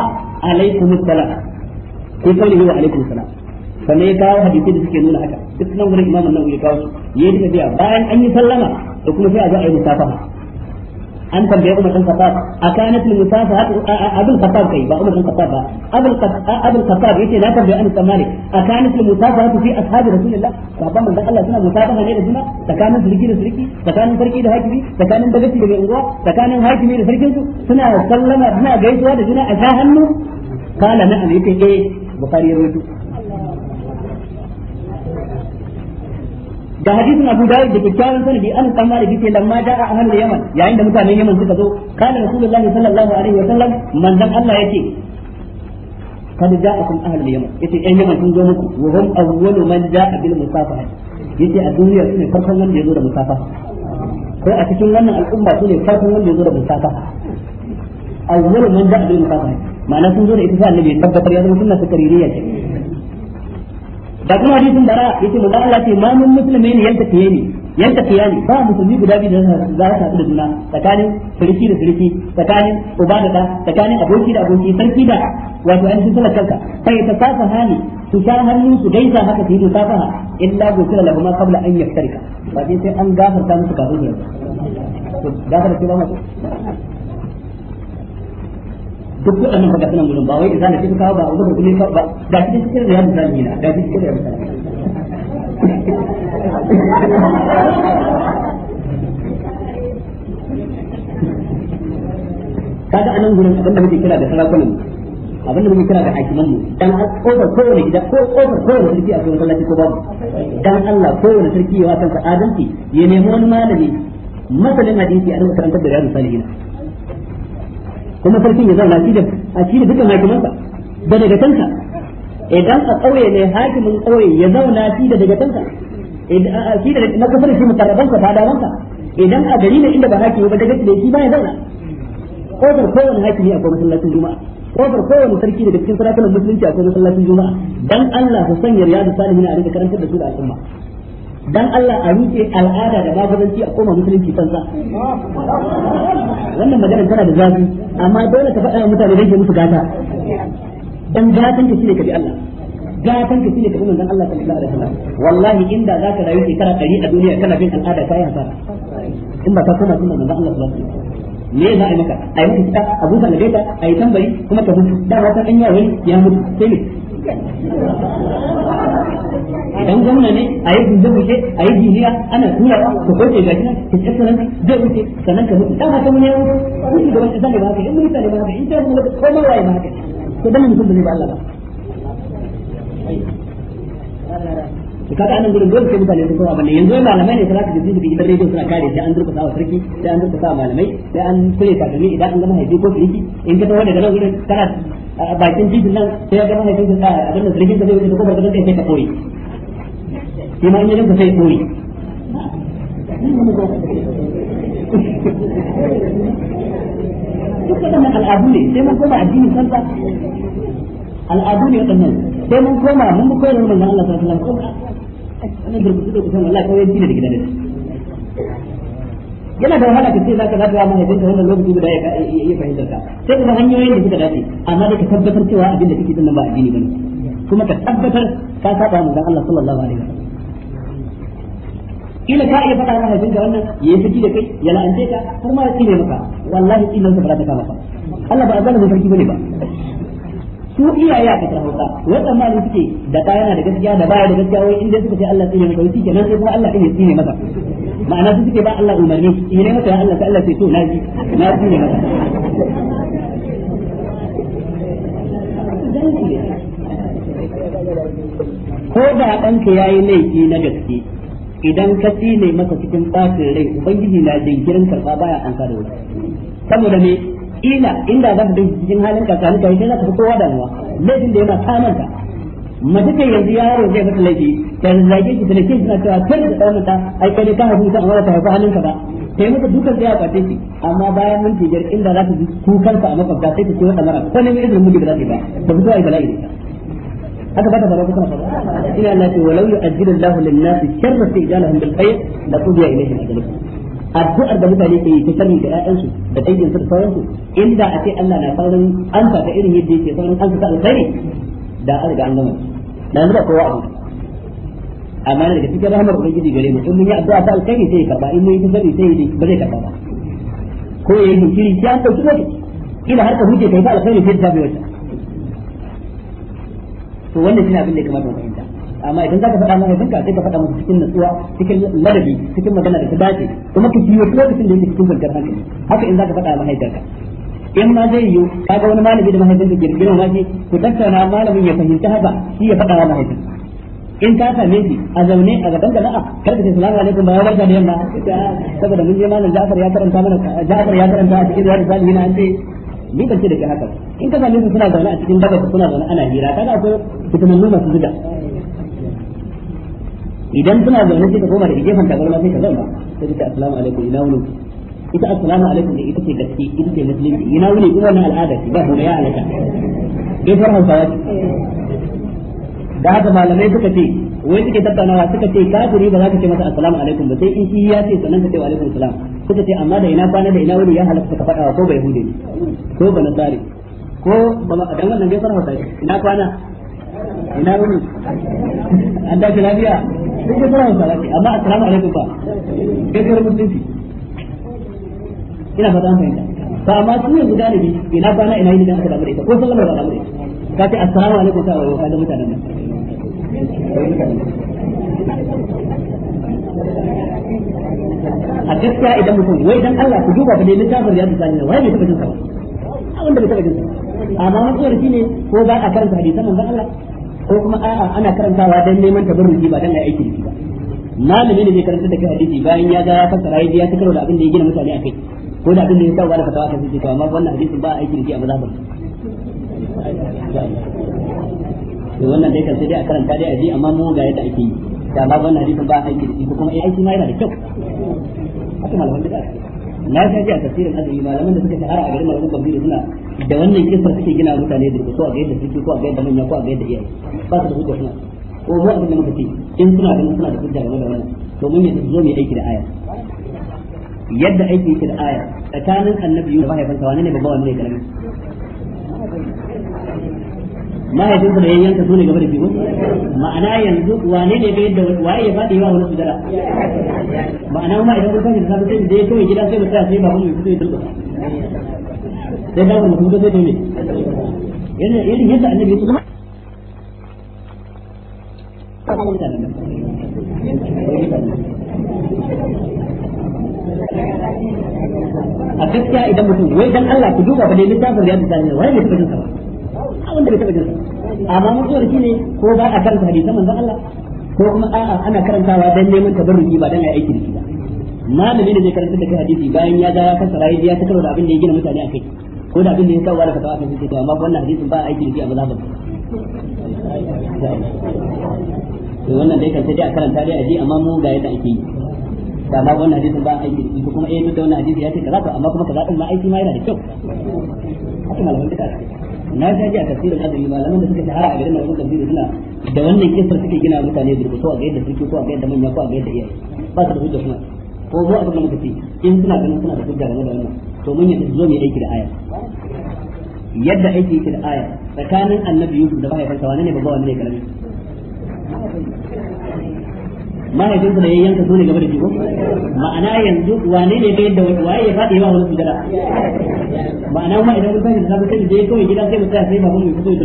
alaikum assalam ko kawai wa alaikum assalam sannan ya kawo hadisi da suke nuna haka duk nan gurin imam an ya kawo su yayi duka tafiya bayan an yi sallama da kuma sai a zo a yi musafaha an tambaye Umar dan Khattab akanat al musafaha abul Khattab kai ba Umar dan Khattab ba abul abul Khattab yace na tambaye an tsammani akanat al musafaha fi ashabi rasulillah sahabban manzon Allah suna musafaha ne da suna tsakanin sulki da sulki tsakanin sarki da hakimi tsakanin dagaci da mai unguwa tsakanin hakimi da sarkin su suna sallama suna gaisuwa da juna a sha hannu kana na'am yace eh Bukhari ya rawaito da hadisin Abu Dawud da kyakkyawan sanadi an kama da ce lamma da a ahlul Yaman yayin da mutanen Yaman suka zo kana Rasulullahi sallallahu alaihi wa sallam manzon Allah yake kad ja'akum ahlul Yaman yace ɗan Yaman sun zo muku wa hum awwalu man ja'a bil musafaha yace a duniya sune farkon wanda ya zo da musafa ko a cikin wannan al'umma sune farkon wanda ya zo da musafa awwalu man ja'a bil musafaha ma'ana sun zo da ita sai annabi tabbatar ya zama sunna ta kaririya da kuma hadisin bara yace manzo Allah ce ma mun musulmi ne yanta tiye ne yanka tiya ne ba musulmi guda biyu da za su haɗu da juna tsakanin sarki da sarki tsakanin uba da ɗa tsakanin aboki da aboki sarki da wato an sun sanar kanka sai ta safa hani su sha hannun su gaisa haka su yi safaha illa da lahum kabla an yaftarika ba sai an gafarta musu kafin yanzu gafarta ce ba mu duk waɗannan faɗa sunan gudun ba wai da zana cikin kawo ba wanda ba kullum ba da shi cikin da ya misali na da shi cikin da ya misali kaga anan gurin abinda muke kira da sarakunan abinda muke kira da hakiman mu dan kofar kowane gida ko kofar kowane sarki a cikin masallaci ko babu dan Allah kowane sarki ya wasan kansa adalci ya nemi wani malami masanin hadisi a makarantar da riyadu salihin kuma sarkin ya zauna shi da a shi da dukkan hakimansa da daga tanka idan a ƙauye ne hakimin ƙauye ya zauna shi da daga tanka shi da na kasar shi da fadawansa idan a gari ne inda ba hakimi ba daga da shi ba ya zauna kofar kowane hakimi kwamitin masallacin juma'a kofar kowane sarki daga cikin sarakunan musulunci a kwamitin masallacin juma'a dan Allah su sanya riyadu salihin a rinka karantar da su da al'umma dan Allah a rufe al'ada da babaranci a koma musulunci kansa wannan magana tana da zafi amma dole ka faɗa wa mutane da ke musu gata dan gatan ka shine ka bi Allah gatan ka shine ka bi manzon Allah sallallahu alaihi wasallam wallahi inda zaka rayu shekara 100 a duniya kana bin al'ada kai hasara in ba ka koma sunan manzon Allah sallallahu alaihi wasallam me za a yi maka a yi maka kita a busa da daita a yi tambari kuma ka mutu da wata an wani ya mutu sai ne dan gwamna ne a yi gundu wuce a yi jiniya ana tura ba ko ce ga shi ki tsaka nan zai wuce sannan ka mutu dan haka mun yau ku shi wani zai ba ka in mun tsare ba ka in ta mu da koma waye ma ka ko dan mun da ne ba Allah ba to kaga anan gurin dole sai mutane su kowa bane yanzu malamai ne salatu da su bi rediyo suna kare sai an durka sawa sarki sai an durka sawa malamai sai an kule takalmi idan an gama haifi ko fiki in ka tawo daga nan gurin kana a bakin jijin nan sai ya da zai wuce kai sai ka shi ma sai duk al'adu ne sai mun koma kansa al'adu ne sai mun koma mun koyar da manzon Allah sallallahu alaihi wasallam ko da da kawai ne da gidan yana da wahala ka ce zaka zaka ga mahaifin ka wannan lokaci guda ya ya fahimta ka sai kuma hanyoyin da suka dace amma da ka tabbatar cewa abin da kake dinnan ba addini bane kuma ka tabbatar ka saba mu dan Allah sallallahu alaihi wasallam ila ka iya faɗa mahaifin ka wannan yayi saki da kai ya la'ance ka har ma ya tsine maka wallahi tsinan ka ba ta maka Allah ba azalin sarki bane ba su iyaye a kasar Hausa wannan ma suke da ɗaya yana da gaskiya da baya da gaskiya wai inda suka ce Allah tsine maka wuce kenan sai kuma Allah ɗin ya tsine maka ma'ana su suke ba Allah umarni in ne maka ya Allah sai Allah sai to na ji na ji ne maka ko da ɗanka ya yi laifi na gaske idan ka tsine masa cikin tsafin rai ubangiji na jinkirin karɓa baya an da wuta saboda me ina inda za ka dinki cikin halin ka kanin kai sai za ka fi kowa damuwa laifin da yana kamanta mace yanzu yaro zai mata laifi ta zage shi ta lake shi cewa kar da tsawon mata ai kai ne ka haifu ta amma ta haifu halinka ba ta yi mata dukan tsaya kwace shi amma bayan minti biyar inda za ta kukan kukansa a makwabta sai ta ce wata mara ko ne mai izinin miji ba za ta yi ba ba fito ai bala'i ne haka ba ta faruwa kuma faruwa ina Allah ce walau yu'ajjilu Allahu lin-nasi sharra sayyi'alahum bil-khayr la qudiya ilayhim ajaluhum addu'ar da mutane ke yi ta sani da ƴaƴansu da dangin su da sauransu inda a ce Allah na saurin an ta irin yadda yake saurin an ta alkhairi da an riga an gama na yanzu ba kowa abu amma daga cikin rahmar ubangiji gare mu in mun yi addu'a ta alkhairi sai ya karba in mun yi tsari sai ba zai karba ba ko yayi jinkiri ya dauki lokaci ila har ka huce kai ta alkhairi sai ta bai wata to wannan shine abin da ya kamata mu fahimta amma idan za ka faɗa mana kanka sai ka faɗa masa cikin natsuwa cikin ladabi cikin magana da ta dace kuma ka biyo lokacin da yake cikin kwanciyar hankali haka in ka faɗa mahaifarka in ma zai yi kaga wani malami da da ke girma mafi ku tattauna malamin ya fahimci haka shi ya faɗa wa mahaifin in ka same shi a zaune a gaban jama'a kar ka ce salamu alaikum ba ya barka da yamma ah, saboda mun je malam Ja'far ya karanta mana Ja'far ya karanta a cikin riwayat salihin an ce ni ban ce da ke haka in ka same su suna zaune a cikin daga suna zaune ana hira kaga akwai fitanannu masu zuga idan suna zaune sai ka koma da gefen tabarma sai ka zauna sai ka ce assalamu alaikum ina wuni ita assalamu alaikum da ita ce gaske ita ce musulunci ina wuni ina na al'ada ba mu ya alaka dai far hausawa ce da haka malamai suka ce wai suke tattaunawa suka ce kafiri ba za ka ce masa assalamu alaikum ba sai in shi ya ce sannan ka ce wa alaikum salam suka ce amma da ina kwana da ina wuni ya halatta ka faɗa ko bai hude ne ko ba nasari ko ba ma dan wannan dai far hausawa ina kwana ina wuni an dace lafiya duk da far hausawa amma assalamu alaikum ba kai musulunci ina fata an fahimta ba amma su yanzu galibi ina kwana ina yi ni aka damu da ita ko lamar ba damu da ita ka ce assalamu alaikum ta wa da mutanen nan a gaskiya idan mutum wai dan Allah ku duba ku dai littafin riyadu zani wai bai taba jin sa ba wanda da bai taba jin sa amma matsalar shine ko ba a karanta hadisan manzon Allah ko kuma a'a ana karantawa dan neman tabarruki ba dan ai aiki ba malami ne zai karanta da kai hadisi bayan ya ga ya fassara ya ji ya ta da abin da ya gina mutane akai ko da abin da ya sa ba da fatawa kan cikin amma wannan hadisin ba aiki da shi a mazhabar to wannan dai kan sai dai a karanta dai a ji amma mu ga yadda ake yi da ba wannan hadisin ba aiki da shi ko kuma eh, aiki ma yana da kyau haka malaman da na ta ji a tafsirin azumi malaman da suka shahara a garin malaman kwamfiri suna da wannan kisar suke gina mutane da ko a ga yadda suke ko a ga yadda manya ko a ga yadda iyaye ba su da hujja suna ko ba su da muka ce in suna ganin suna da hujja game da wannan to mun yi zo mu yi aiki da aya yadda aiki yake da aya tsakanin annabi da mahaifinsa wani ne babba wani ne karami mahaifinsa da yanyanka su ne gaba da biyu ma'ana yanzu wane ne ga yadda waye ya faɗi yawa wani sujara ma'ana kuma idan kun tashi da safe sai da ya kawai gida sai mu tsaya sai ba mun yi ya dalba sai da mu fito sai to ne yana irin yadda annabi ya tsaya da you. a gaskiya idan mutum wai dan Allah ku duba ba dai littafin riyadu da ne wai bai taɓa ba a wanda bai taɓa jinsa amma mun shi ne ko ba a karanta hadisan manzon Allah ko kuma a'a ana karantawa dan neman tabarruki ba dan ai aiki da shi ba malami ne zai karanta da kai hadisi bayan ya ga ya fassara ya ta karo da abin da ya gina mutane a kai ko da abin da ya kawo da fatawa kan sai to amma wannan hadisin ba aiki da shi a mazhabin to wannan dai kan sai dai a karanta dai a ji amma mu ga yadda ake yi ba ma wannan hadisin ba aiki ko kuma eh duk da wannan hadisi ya ce kaza to amma kuma kaza din ma aiki ma yana da kyau haka malamin duka na ga ji a tafsirin azumi malaman da suka shahara a garin malamin tafsiri suna da wannan kisar suke gina mutane burbuto a ga yadda suke ko a ga yadda manya ko a ga yadda iyaye ba su da hujja kuma ko mu a da muka in suna ganin suna da hujja game da wannan to mun yi su zo mu aiki da aya yadda aiki yake da aya tsakanin annabi yusuf da mahaifinsa wani ne babba wani ne karami mahaifinsa da ya yanka su ne gaba da shi ma'ana yanzu wane ne bai da waye ya faɗi yawa wani sujada ma'ana kuma idan mun bayyana zamu kai ya kawai gida sai mu ya sai babu mai fito ya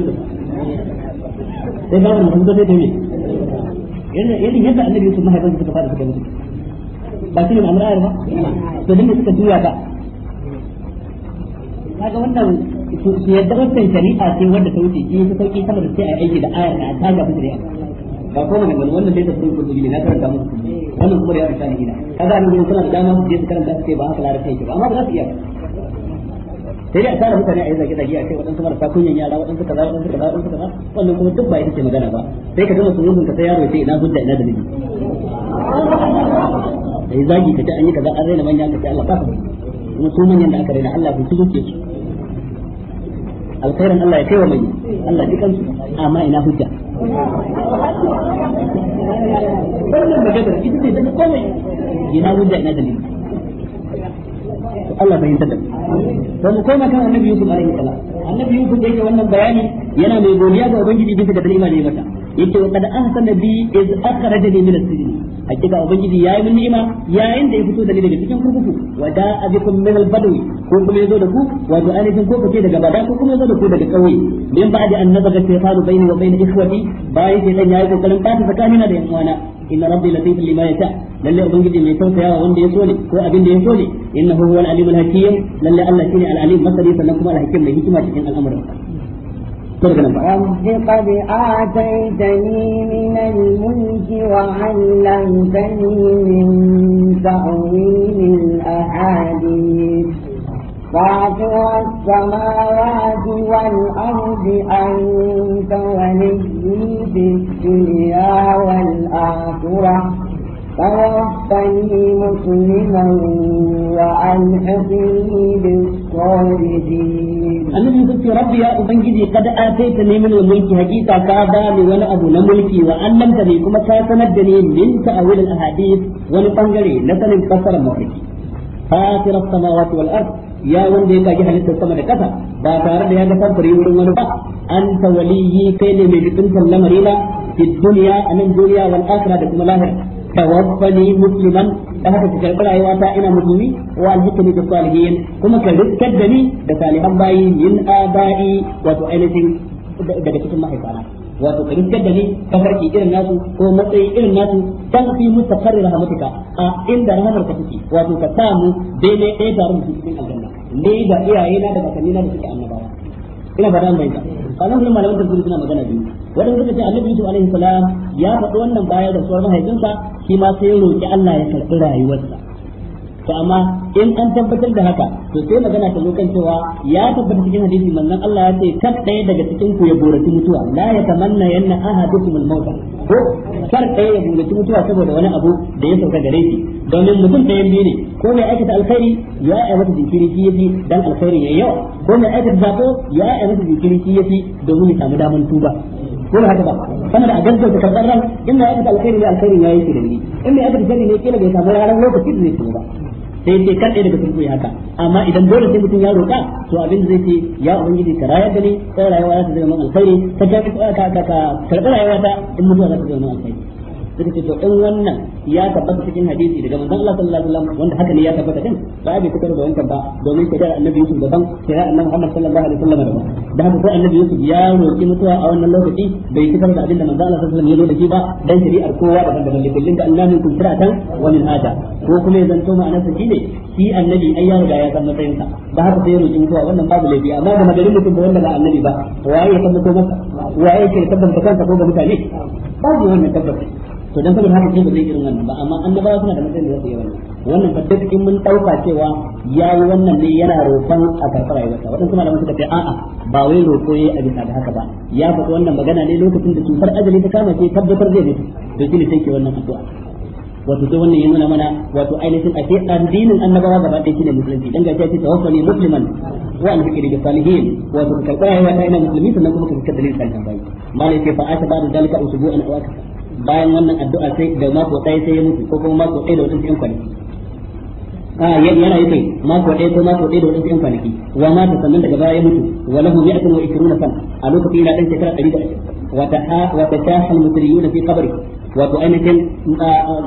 sai babu fito sai ta me yadda annabi Yusuf mahaifinsa suka faɗi suka mutu ba shi ne ma'amura ayar ba to suka ba kaga wannan su yadda shari'a ce ta wuce shi ta sauki sama da sai a aiki da ayar da ta ba ko mun ganin wannan dai tafsirin kurtubi ne na karanta musu wannan kuma ya rika ne kaga an gurin suna da dama su je su karanta su ce ba haka larabci yake ba amma ba za su iya sai dai a tara mutane a yi zage-zage a ce waɗansu marasa kunyan yara waɗansu kaza waɗansu kaza waɗansu kaza wannan kuma duk ba yake magana ba sai ka gama sunan ka sai yaro ya ce ina hujja ina da miji sai zagi ka ce an yi kaza an raina manya ka ce Allah ba kuma su manyan da aka raina Allah ku tuke su alkhairan Allah ya kai wa mai Allah dukan amma ina hujja wannan maganar ita ce daga komai ina hujja ina dalili Allah bai tada to mu koma kan annabi Yusuf alaihi salam annabi Yusuf da yake wannan bayani yana mai godiya ga ubangiji bisa ga dalilin da ya mata yace wa kad ahsana bi iz akhrajani min as-sijn hakika ubangiji yayi min ni'ima yayin da ya fito da ni daga cikin kurkuku wa da abikum min al-badwi ko kuma yazo da ku wa da alifin ko kace daga bada ko kuma yazo da ku daga kauye min ba'di an nazaga shaytanu bayni wa bayna ikhwati bayan shaytan yayi kokarin ba ta na da yan uwana inna rabbi latifun lima yasha lalle ubangiji mai wa wanda ya so ne ko abin da ya so ne innahu huwal alimul hakim lalle Allah shine al-alim masali sannan kuma al-hakim mai hikima cikin al'amuran قد آتيتني من الملك وعلمتني من تأويل الأحاديث فاطر السماوات والأرض أنت ولي في الدنيا والآخرة توفني مسلما وألحقني بالصالحين annabi sun ce rabbi ya ubangiji kad ataita ni min mulki hakika ka ni wani abu na mulki wa allamta kuma ka sanar da ni min ta'awil al wani bangare na sanin kasarar mafarki fatir as samawati wal ya wanda ya kaji halittar sama da kasa ba tare da ya ga samfuri wurin wani ba anta waliyyi kai ne mai jikin lamari na fi duniya anan duniya wal akhirah da kuma lahira tawaffani musliman da haka ka karɓi rayuwa ta ina musulmi wa alhikmi da salihin kuma ka rikkar da ni da salihan min wato daga cikin mahaifana ka rikkar da ni ka farki irin nasu ko matsayi irin nasu dan fi mustaqarrir rahmatika a inda rahmatar ka take wato ka samu daidai ɗaya tare da cikin aljanna ne da iyayena da bakannina da suke annabawa ina fata mai ta kalan kuma malaman tafsiri suna magana biyu wanda suka ce annabi Yusuf alaihi salam ya faɗi wannan baya da tsoron mahaifinsa shi ma sai roki Allah ya karɓi rayuwarsa to amma in an tabbatar da haka to sai magana ta zo kan cewa ya tabbata cikin hadisi manzon Allah ya ce kan ɗaya daga cikin ku ya borati mutuwa la yatamanna yanna ahadukum al mawt ko kar ɗaya ya bungaci mutuwa saboda wani abu da ya sauka gare shi domin mutum ɗaya biyu ne ko mai aikata alkhairi ya yi masa jinkiri shi yafi dan alkhairi ya yawa ko mai aikata zabo ya yi masa jinkiri shi yafi domin ya samu daman tuba ko haka ba saboda a gaggauta karɓar ran in mai aikata alkhairi ne alkhairi ya yi shi da ni in mai aikata sharri ne kila bai samu ranar lokacin da zai tuba ba sai dai kan daga cikin haka amma idan dole sai mutum ya roka to abin da zai ce ya ubangiji ka rayar da ni rayuwa ta zama alkhairi ka ka rayuwa ta in mutuwa za ta zama alkhairi suka ce to in wannan ya tabbata cikin hadisi daga manzon Allah sallallahu alaihi wasallam wanda haka ne ya tabbata din ba bai fitar da wankan ba domin shari'ar annabi Yusuf daban shari'ar annabi Muhammad sallallahu alaihi wasallam daban da haka sai annabi Yusuf ya roki mutuwa a wannan lokaci bai fitar da abin da manzon Allah sallallahu alaihi wasallam ya zo da shi ba dan shari'ar kowa daban daban da kullun da Allah min kun shiratan wa min hada ko kuma ya zanto ma'anar sa shine shi annabi ai ya riga ya san matsayinsa da haka sai ya roki mutuwa wannan babu laifi amma da magarin mutum ba wanda ba annabi ba waye ya san masa waye ke tabbata kansa ko ga mutane babu wannan tabbata to dan saboda haka sai ba zai irin wannan ba amma annabawa suna da matsayin da zai yi wannan wannan fa duk in mun dauka cewa yayi wannan ne yana roƙon a karɓar rayuwarsa wadansu malaman suka ce a'a ba wai roƙo yayi a bisa da haka ba ya faɗi wannan magana ne lokacin da cutar ajali ta kama sai tabbatar zai mutu to shi ne sai ke wannan addu'a wato sai wannan yana mana wato ainihin a sai addinin annabawa gaba ɗaya shine musulunci dan gaskiya ce tawaffani musliman wa an fikri bi salihin wa wato karɓa yayi ta ina musulmi sannan kuma ka fitar dalilin salihin bai malai sai fa asha ba da dalika usbu'an aw akthar bayan wannan addu'a sai da mako ɗaya sai ya mutu ko kuma mako ɗaya da wata cikin kwanaki a yana yana yake mako ɗaya ko mako ɗaya da wata cikin kwanaki wa ma sannan daga baya ya mutu wa lahu mi'atun wa ishruna sana a lokacin yana ɗan shekara ɗari da wata wa ta ha wa ta shahal fi qabri wato ainihin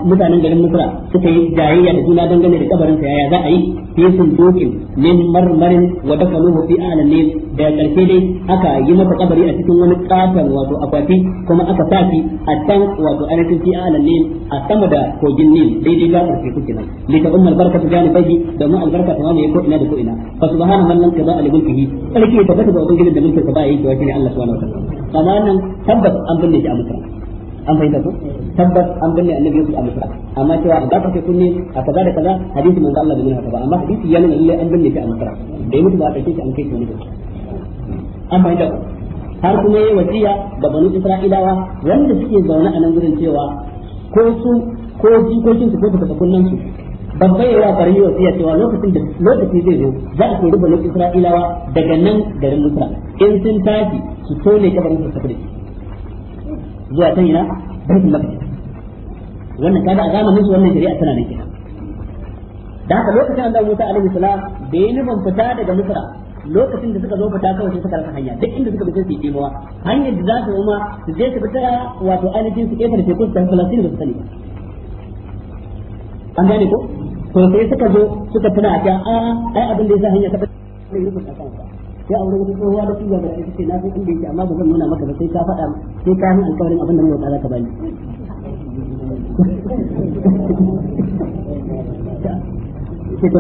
mutanen garin Misra suka yi jayayya da juna dangane da kabarin sa yaya za a yi fi sundukin min marmarin wa kaluhu fi a'lan ne da karshe dai aka yi masa kabari a cikin wani katon wato akwati kuma aka sa a can wato ainihin fi a'lan ne a sama da kogin Nil daidai ga karfe kuke nan li ta ummul jani janibahi da mu albarka ta wani ko ina da ko ina fa subhana man lam kaza li mulkihi sarki ya tabbata da ubangijin da mulkin sa ba yake wa shine Allah subhanahu wa ta'ala amma nan tabbas an binne shi a Misra an fahimta ko tabbas an binne annabi Yusuf a Misra amma cewa a gafa sai kunne a kaza da kaza hadisi manzo Allah bin haka ba amma hadisi nuna lalle an binne shi a Misra da ya ba a take shi an kai shi ne an fahimta ko har kuma yayi wasiya ga banu Isra'ilawa wanda suke zaune a nan gurin cewa ko su ko jikokin su ko ta kunnan su babban yawa karni wasiya cewa lokacin da lokaci zai zo za a kori banu Isra'ilawa daga nan garin Misra in sun tashi su tone kabarin su tafi da shi zuwa can ina baitul maqdis wannan kaga a zamanin su wannan shari'a tana nan kenan da haka lokacin Allah Musa alaihi salam da ya nufin fita daga Misra lokacin da suka zo fita kawai sai suka rasa hanya duk inda suka bi su yi mawa hanyar da za su ma su je su fita wato ainihin su da teku su tafi Falastin da su sani an gane ko to sai suka zo suka tuna a ta a ai abin da ya sa hanya ta fita ne rubutun kansa sai a wurin kowa da kuwa da ita ce na san inda yake amma ba zan nuna maka ba sai ka faɗa sai ka yi alƙawarin abin da mai tsara ka bani ke tuna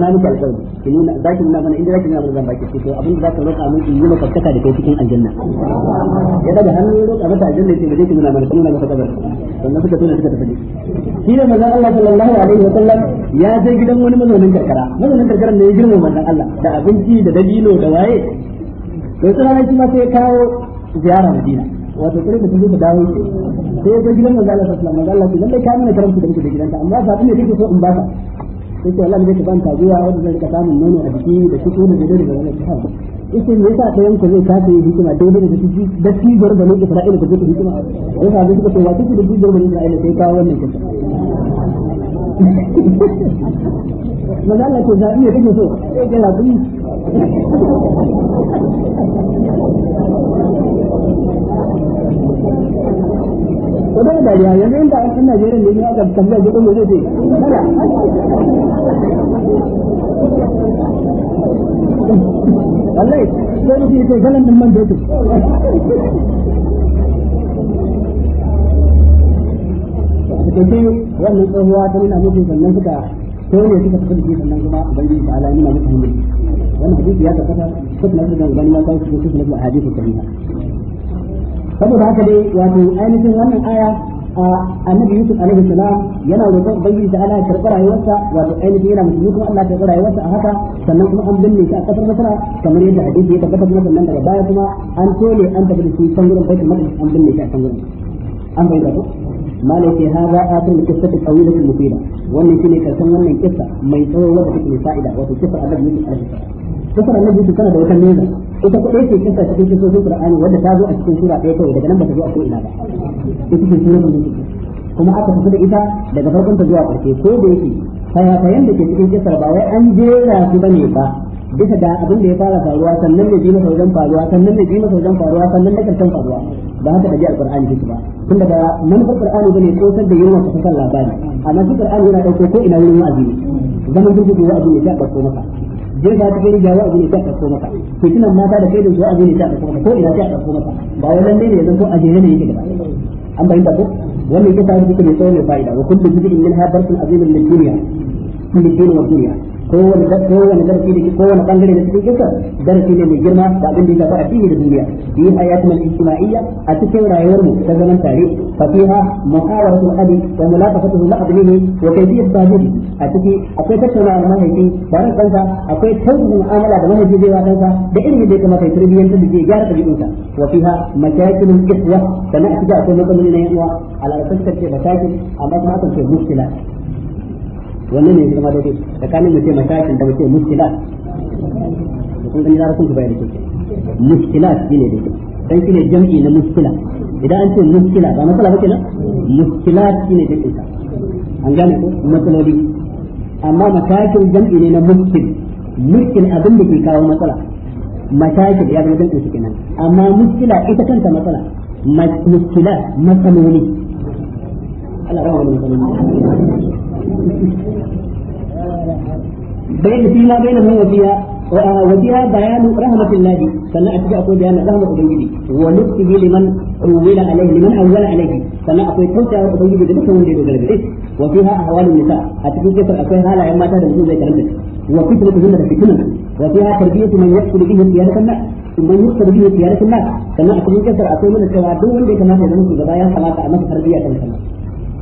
miki alƙawari ki nuna zaki nuna mana inda zaki nuna mana zan baki sai abin da zaka roƙa mun in yi maka taka da kai cikin aljanna ya daga hannu ya roƙa mata aljanna ce ba zai ki nuna mana nuna maka kabar sannan suka tuna suka tafi shi ne manzon Allah sallallahu alaihi wa sallam ya je gidan wani mazaunin karkara mazaunin karkara ne ya girma manzon Allah da abinci da dalilo da waye to ita ranar shi ma sai kawo ziyara Madina wato kare da sun zuba dawo ke sai ya ga gidan manzo Allah sallallahu alaihi wasallam lalle ka mana karamci da muke da gidanka amma sabon ne kake so in baka sai ce wallahi zai ban taguwa wanda zai rika samun nono a jiki da shi ko da gidan da zai ta ita ne yasa ta yanka zai kace hikima daidai da shi da cibiyar da nake Isra'ila da zai hikima yasa zai suka ce wa kike da cibiyar da Isra'ila sai kawo wannan kisa maza Allah ce zaɓi ya kake so sai ke ko da yanzu inda an ne zai ce wallahi galan man wannan tsohuwa ta nuna mutum sannan suka ko ne suka tafi da shi sannan kuma ubangiji ta ala nuna musu wannan hadisi ya tabbata na da gani ma kai su duk na da hadisi sahiha saboda haka dai wato ainihin wannan aya a annabi yusuf alaihi salam yana roƙon ubangiji ta ala ya rayuwarsa wato ainihin yana musulmi kuma Allah rayuwarsa a haka sannan kuma an binne shi a ƙasar Masar kamar yadda hadisi ya tabbata kuma sannan daga baya kuma an tole an tafi da shi can baitul maqdis an binne shi a can malaki hada atul qissati tawila mufida wannan shine karshen wannan kissa mai tsawo wanda take fa'ida wato kissa annabi Yusuf alaihi salam kissa annabi Yusuf kana da wata neza ita ko dai ce kissa cikin kissosin Qur'ani wanda ta zo a cikin sura ɗaya kawai daga nan ba ta zo a ba ita ce sura Yusuf kuma aka tafi da ita daga farkon ta zuwa ƙarshe ko da yake fayafayan da ke cikin kissar ba wai an jera su bane ba bisa da abin da ya fara faruwa sannan ne ji masa wajen faruwa sannan ne ji masa wajen faruwa sannan da karshen faruwa ba haka daji alkur'ani take ba tun daga manufar alkur'ani bane tsokar da yunwa ta kan labari amma shi alkur'ani yana dauko ko ina wurin wa'azi ne zaman duk wa'azi ne ta dauko maka je ba ta kai ga wa'azi ne ta dauko maka to kina mata da kai da wa'azi ne ta dauko maka ko ina ta dauko maka ba wannan ne ne ko ajere ne yake da an da ko wannan ke ta zuke ne tsone fa'ida wa kullu bid'in minha barkun azimin lid-dunya lid-dunya wa dunya kowane kowane darasi da kowane bangare da cikin kisa darasi ne mai girma da abin da ya shafi da duniya bi hayatul ijtima'iyya a cikin rayuwar mu ta zaman tare fa fiha muhawaratu al-abi wa mulaqatatuhu ma abnihi wa kayfiyat tahdidi a ciki akwai tattaunawa mahaifi da ran kansa akwai tauhidin mu'amala da mahaifi zai wa da irin da ya kamata ya tarbiyyanta da ke gyara ɗabi'unsa wa fiha mashakilul iswa sannan a cikin akwai matsaloli na yan uwa al'asasar ce mashakil amma kuma akan ce mushkila wannan ne kuma daidai tsakanin mu ce mashakin da mu ce muskilat kun gani zarar kun ku bayani kike muskilat shine daidai dan shine jam'i na muskila idan an ce muskila ba matsala ba kenan muskilat shine da ta an gane ko matsaloli amma matakin jam'i ne na muskil muskil abin da ke kawo matsala matakin ya zama jam'in shi kenan amma muskila ita kanta matsala muskilat matsaloli Allah rawa ne matsaloli بين فيما بينهم وفيها وفيها بيان رحمة الله فلا أتجي أقول بيان رحمة أبيدي ونكتبه لمن أول عليه لمن أول عليه فلا أقول توسع أبيدي بذلك من دير غلبه وفيها أهوال النساء أتجي كثر أقولها لا يما تهدى يترمت زي كلمتك في فتنة وفيها تربية من يحصل به سيادة الناس من يحصل به سيادة الناس فلا أتجي كثر أقول من السواء دون ديك ما تهدى بسوء زي كلمتك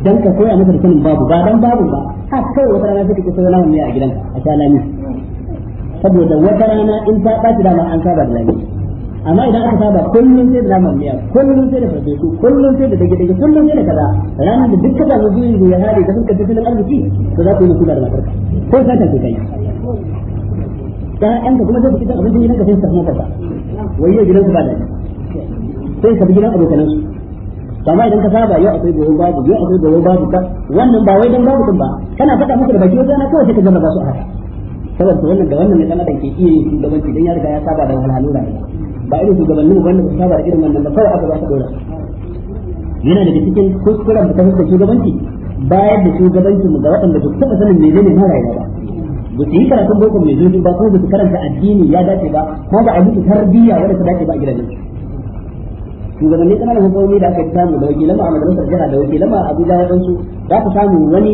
dan ka koya masa da sanin babu ba dan babu ba a kai wata rana sai ka koya naman a gidan a sha lami saboda wata rana in ta ɓaci dama an saba da lami amma idan aka saba kullun sai da naman miya kullun sai da farfesu kullun sai da dage dage kullun sai da kaza ranar da dukkan da zuwa yin ya hare da fuskar tattalin arziki to za ku yi kula da ka ko ka tafi kai ƴaƴanka kuma zai fi kitan abin da yi na ka sai su tafi matarka wai yau gidansu ba da sai ka bi gidan abokanansu kamar idan ka saba yau akwai gobe babu yau akwai gobe babu ka wannan ba wai dan babu kun ba kana faɗa muku da baki wajen na kawai sai ka gama ba su haka saboda wannan da wannan ne kana da ke iya yin shugabanci dan ya riga ya saba da wahalhalu ne ba irin shugabannin mu wanda ba saba da irin wannan ba kawai aka ba su dora yana daga cikin kuskuren da ta fuskar shugabanci bayar da shugabanci mu ga waɗanda ba su taɓa sanin ne na rayuwa ba ba su yi karatun boko mai zurfi ba kuma ba su karanta addini ya dace ba kuma ba a yi tarbiyya wanda ta dace ba a gidajen shugabannin kananan hukumomi da aka samu da wakilan ma a majalisar jiha da wakilan ma abuja su za ku samu wani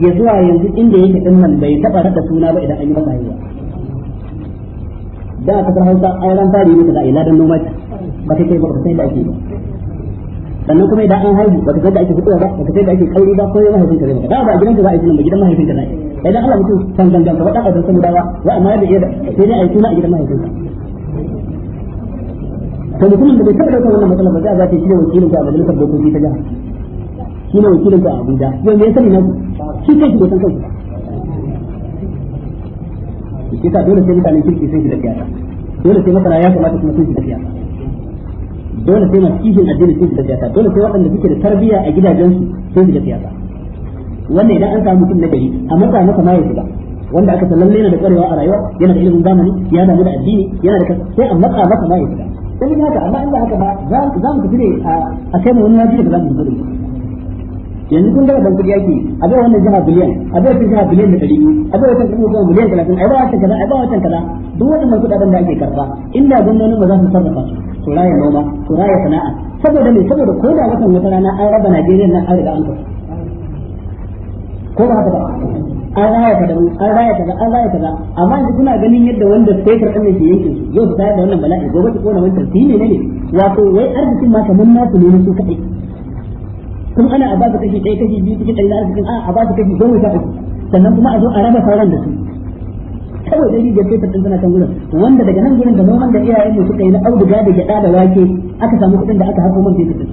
ya zuwa yanzu inda yake din nan bai taɓa raka suna ba idan an yi masa haihuwa da a kasar hausa an ran fari ne da ila noma ce ba kai kai ba ka sai da ake ba sannan kuma idan an haihu ba ka sai da ake fitowa ba ba ka sai da ake kauri ba ko yawan mahaifinka zai ba da ba a gidanka za a yi sunan ba gidan mahaifinka na a yi idan Allah mutum san gangan ka faɗa a don samu dawa wa amma yadda iya da sai dai a yi suna a gidan mahaifinka to mutumin da bai taɓa ɗaukar wannan matsalar ba za a ce shi ne wakilin ka a majalisar dokoki ta jihar shi ne wakilin ka a Abuja yau me ya sani na shi kai shi bai san kansa shi ta dole sai mutanen kirki sun shi da dole sai masana ya kamata kuma sun shi da dole sai masu kishin addini sun shiga siyasa dole sai waɗanda suke da tarbiyya a gidajensu sun shiga siyasa wannan idan an samu mutum na gari a matsa masa ma ya shiga wanda aka sallalle lalle yana da kwarewa a rayuwa yana da ilimin zamani ya damu da addini yana da kasa sai a matsa masa ma ya shiga sai mun haka amma in ba haka ba za mu tafi ne a kai mu wani waje da za mu gudu yanzu kun daga bankuɗi yaki a bai wannan jiha biliyan a bai wata jiha biliyan da ɗari a bai wata kuma biliyan talatin a ba wata kaza a bai wata kaza duk waɗannan kuɗaɗen da ake karba. inda gwamnonin ba za su sarrafa su su raya noma su raya sana'a saboda me saboda ko da watan wata rana an raba Najeriya nan an riga an kasu ko da haka ba an raya ta mu an raya ta an raya ta amma yanzu kuna ganin yadda wanda fetur ɗin yake yankin su yau su tayar da wannan bala'i gobe su kona wancan su ne ne wato wai arzikin ma kamar nasu ne su kaɗai kuma ana a ba su kashi ɗaya kashi biyu cikin ɗari na arzikin a a ba su kashi goma sha uku sannan kuma a zo a raba sauran da su kawai dai rijiyar fetur ɗin suna kan gurin wanda daga nan gurin da noman da iyayen mu suka yi na auduga da gyaɗa da wake aka samu kuɗin da aka hako man fetur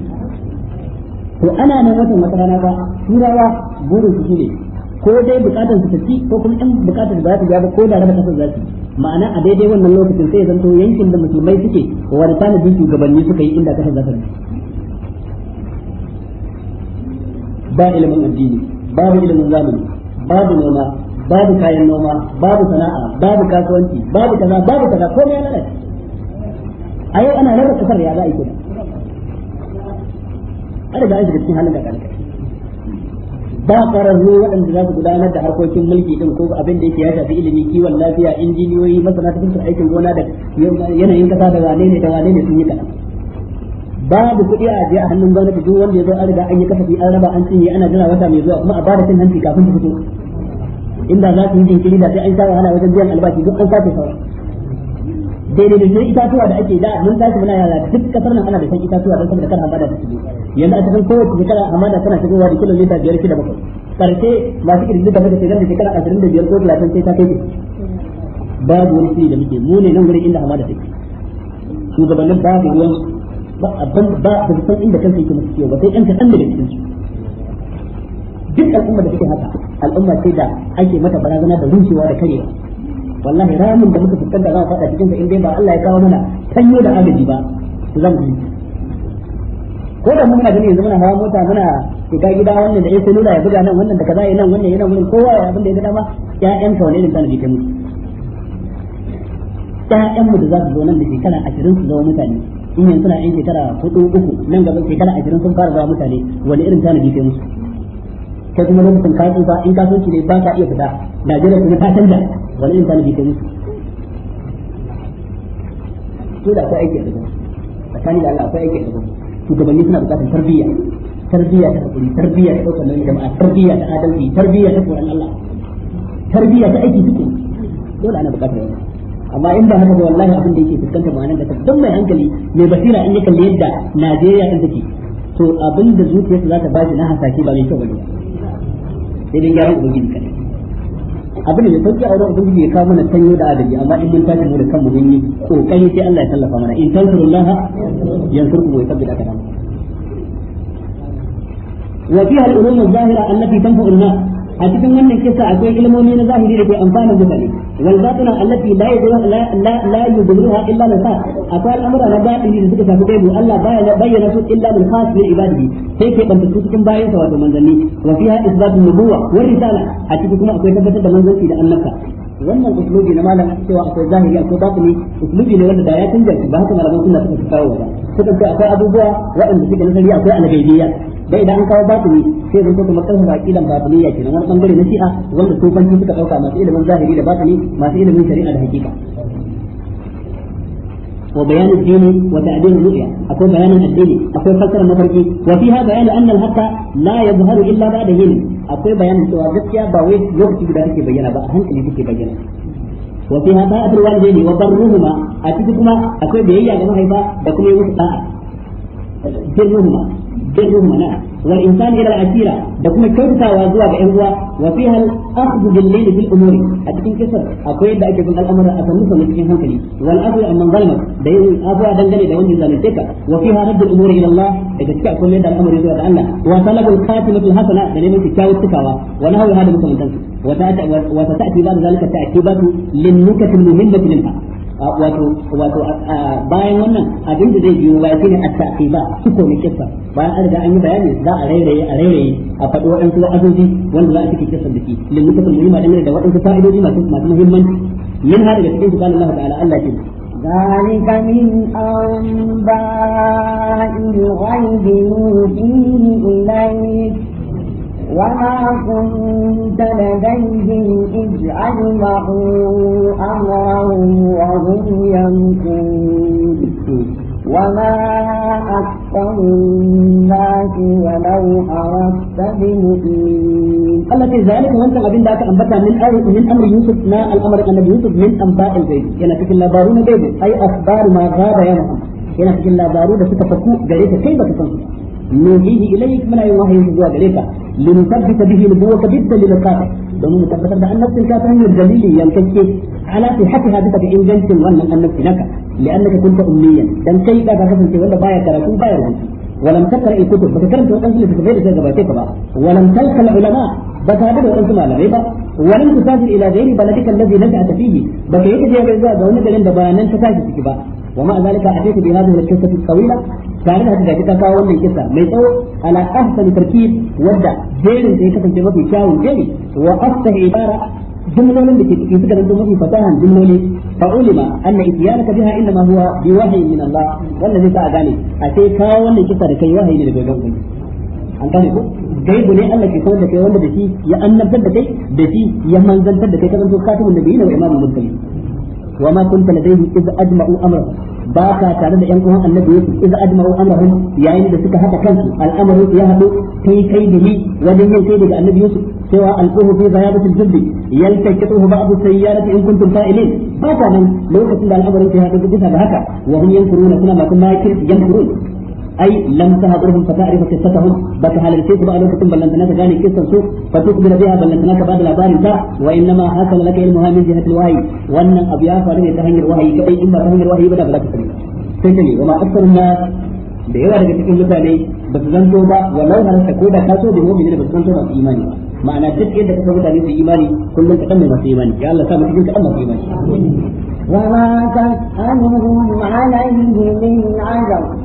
to ana nan watan wata rana ba turawa burin su ne ko dai bukatar su tafi ko kuma ɗan bukatar ba ta ba ko da raba kasar za su ma'ana a daidai wannan lokacin sai zanto yankin da musulmai suke wani tanadin gabanni suka yi inda kasar za ta ba ilimin addini babu ilimin zamani babu noma babu kayan noma babu sana'a babu kasuwanci babu kaza babu kaza komai yana a yau ana raba kasar ya za a yi kuma a riga an shiga cikin halin da kalkai ba ƙwararru waɗanda za su gudanar da harkokin mulki din ko abin da yake ya shafi ilimi kiwon lafiya injiniyoyi masana ta fuskar aikin gona da yanayin kasa da wane ne da wane ne sun yi kaɗan babu kuɗi a je a hannun gwamnati duk wanda ya zo an riga an yi kasafi an raba an cinye ana jira wata mai zuwa kuma a bada cin hanci kafin ta fito inda za su yi jinkiri da sai an sha wahala wajen biyan albashi duk an sake sauran daidai da sai itatuwa da ake da mun tashi muna yara duk kasar nan ana da san itatuwa don saboda kar hamada ta shige yanzu a cikin kowace shekara hamada tana shigowa da kilomita biyar shida bakwai karshe masu kirji da muka shekara da shekara ashirin da biyar ko talatin sai ta kai babu wani shiri da muke mu ne nan wurin inda hamada take shugabannin babu ruwan ba abin ba da san inda kansa yake musu ciwo ba sai yan kaɗan da cikin su duk al'umma da take haka al'umma sai da ake mata barazana da rushewa da karewa wallahi ramin da muka fuskanta za mu fada cikin da in dai ba Allah ya kawo mana sanyo da agaji ba zan yi ko da mun gani yanzu muna hawa mota muna shiga gida wannan da yake nuna ya buga nan wannan da kaza yana nan wannan yana wurin kowa ya abin da ya gada ma ƴaƴan ka wani irin tana jikin mu ƴaƴan mu da za su zo nan da shekara 20 su zama mutane in yanzu na ƴan shekara 4 uku nan gaba shekara 20 sun fara zama mutane wani irin tana jikin musu kai kuma lokacin ka yi ba in kasuwanci ne ba ka iya fita Najeriya kuma ta canja wani in talibi ta musu Su da akwai aiki a gaban tsakani da Allah akwai aiki a gaban shugabanni suna bukatar tarbiyya tarbiyya ta hakuri tarbiyya ta ɗaukar nan jama'a tarbiyya ta adalci tarbiyya ta tsoron Allah tarbiyya ta aiki suke dole ana bukatar wannan amma in ba haka ba wallahi abin da yake fuskantar mu nan da tabbatar mai hankali mai basira in ya kalli yadda Najeriya din take to abin da zuciyarsa za ta ba shi na hasashe ba mai kyau bane sai dan gyaran ubangiji kadai abin da sauki a wurin ubangiji ya kawo mana sanyo da adalci amma in mun tashi mu da kanmu mun yi kokari sai Allah ya tallafa mana in tansurullaha yansurkum wa yuthabbit aqdamakum wa fiha al-ulum adh-dhahira allati tanfa'u an-nas a cikin wannan kisa akwai ilmomi na zahiri da ke amfanin mutane والباطنة التي لا يدل لا لا, لا يدلها إلا نفاق أقول الأمر أنا باطني لذلك فبقيم ألا بين سوء إلا من خاص لعباده هيك من تسوسكم باين سواء من ذني وفيها إثبات النبوة والرسالة أتيكم أقول تبتة من ذني لأنك wannan uslubi na malam cewa akwai zahiri akwai batini uslubi ne wanda da ya canja ba haka malaman sunna suka kawo ba suka ce akwai abubuwa waɗanda suke na sariya akwai algaibiyya da idan an kawo ne sai zan kuma kan ba idan batuliya ke nan bangare na shi'a wanda su banki suka dauka masu ilimin zahiri da ba su ne masu ilimin shari'a da hakika wa bayanin dini wa ta'dil ru'ya akwai bayanin addini akwai fassara mafarki wa fi ha bayanin anna al-haqqa la yadhharu illa ba'da yin akwai bayanin cewa gaskiya ba wai lokaci guda take bayyana ba a hankali take bayyana wa fi ha ba'atul walidaini wa barruhuma a cikin kuma akwai biyayya ga mahaifa da kuma yi musu ta'a barruhuma sai yi mana wal insan asira da kuma kyautawa zuwa ga yanzuwa wa fi hal akhdhu umuri a cikin kisar akwai yadda ake gudanar al'amuran a cikin hankali wal akhdhu da yi dangane da wani zalim sai ka wa fi hal al umuri ila Allah da gaskiya akwai yadda al'amuri zuwa ga Allah wa talabul khatimatul hasana da neman kyakkyawar tukawa wa nahwa ta wa ta ta'ti ba zalika wato wato bayan wannan abin da zai biyo baya shine at-taqiba suko ne kissa bayan an riga an yi bayani za a rairaye a rairaye a faɗi waɗansu wa'azoji wanda za a cike kissa da ke limin kasa muhimma dangane da waɗansu fa'idoji masu masu muhimmanci min har da cikin su kana Allah ta'ala Allah ke ذلك من أنباء الغيب نوحيه إليك وما كنت لديهم إذ أجمعوا أمرهم وهم يمكرون وما أكثر الناس ولو أردت بمؤمنين التي ذلك وانت غبين ذاك أنبتا من أمر من أمر يوسف ما الأمر أن يوسف من أنباء الغيب يعني تكن بارون غيب أي أخبار ما غاب يا محمد يعني تكن لابارون سكفكو جريت كيف تكن نوحيه إليك من أي الله يجوا إليك لنثبت به نبوك جدا القاطع دون مثبتة عن نفس الكافر من الدليل ينكشف على صحتها بك بإنجلت وأن النفس لك لأنك كنت أميا دم لا كفن أنت ولا بايا كراتو بايا رمسي ولم تقرأ الكتب بتكرمت وأنزل في غير زي جبهتك بقى ولم تلقى العلماء بتعبد وأنزل على غيبة ولم تسافر إلى غير بلدك الذي نزعت فيه بكيت يا بعزة دون دليل بيانان تسافر فيك بقى ومع ذلك أتيت بهذه القصة الطويلة تعرف هذا كتا كاو wannan kisa mai tsawo ala ahsan tarkib wadda jerin da ya kasance mafi kyawun jeri wa afsah ibara jumlolin da ke cikin suka zanto mafi fasahan jumloli fa ulima anna ityanaka biha inna ma huwa bi wahyi min Allah wannan zai sa gane a sai kawo wannan da kai ne daga gaban an gane ko gaibu ne Allah ke sanar da kai wanda da shi ya annabtar da kai da shi ya manzantar da kai ka zanto katimin nabiyina wa imamul mursalin wa ma kunta ladayhim iz ajma'u ba ka tare da yan uwan annabi Yusuf iz ajma'u amrahum yayin da suka haɗa kansu al'amarin ya haɗu kai kai dili wajen yin kai daga annabi Yusuf cewa alquhu fi zayadatil jubbi yaltakituhu ba'd sayyarati in kuntum fa'ilin ba ka nan lokacin da al'amarin ya haɗu bisa da haka wa hum yankuruna suna ma kun ma kirki أي لم تهضرهم فتعرف قصتهم بك هل الكيس بقى لكم بل أنت جاني قصة سوء فتكبر بها بل أنت بعد العبار انت وإنما حصل لك المهام من جهة الوحي وأن أبياف عليه تهني الوحي أي إما تهني الوحي بدأ بلا كسرين تنتني وما أكثر الناس بيرى لك تكون لتاني بسزن توبة ولو هل تكوبة كاتو بهو من اللي بسزن توبة إيماني معنى جد كيف تكون لتاني في إيماني كل من تكمل في إيماني يا الله سامك جد كأمر في إيماني وما تسألهم عليه من عجل